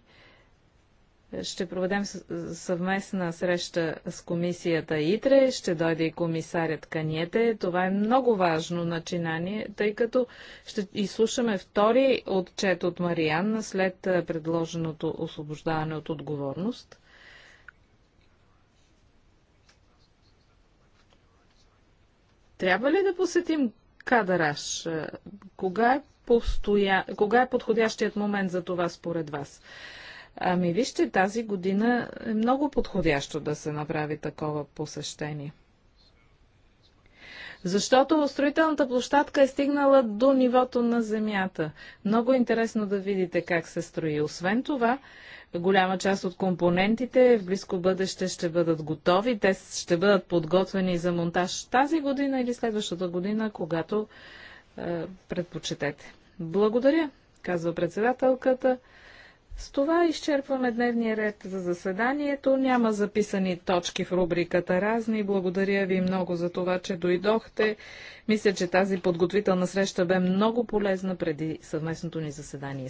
ще проведем съвместна среща с комисията ИТРЕ, ще дойде и комисарят Каниете. Това е много важно начинание, тъй като ще изслушаме втори отчет от Марианна след е, предложеното освобождаване от отговорност. Трябва ли да посетим Кадараш? Е, кога е, постоя... Кога е подходящият момент за това според вас? Ами вижте, тази година е много подходящо да се направи такова посещение. Защото строителната площадка е стигнала до нивото на земята. Много интересно да видите как се строи. Освен това, Голяма част от компонентите в близко бъдеще ще бъдат готови. Те ще бъдат подготвени за монтаж тази година или следващата година, когато е, предпочетете. Благодаря, казва председателката. С това изчерпваме дневния ред за заседанието. Няма записани точки в рубриката разни. Благодаря ви много за това, че дойдохте. Мисля, че тази подготвителна среща бе много полезна преди съвместното ни заседание си.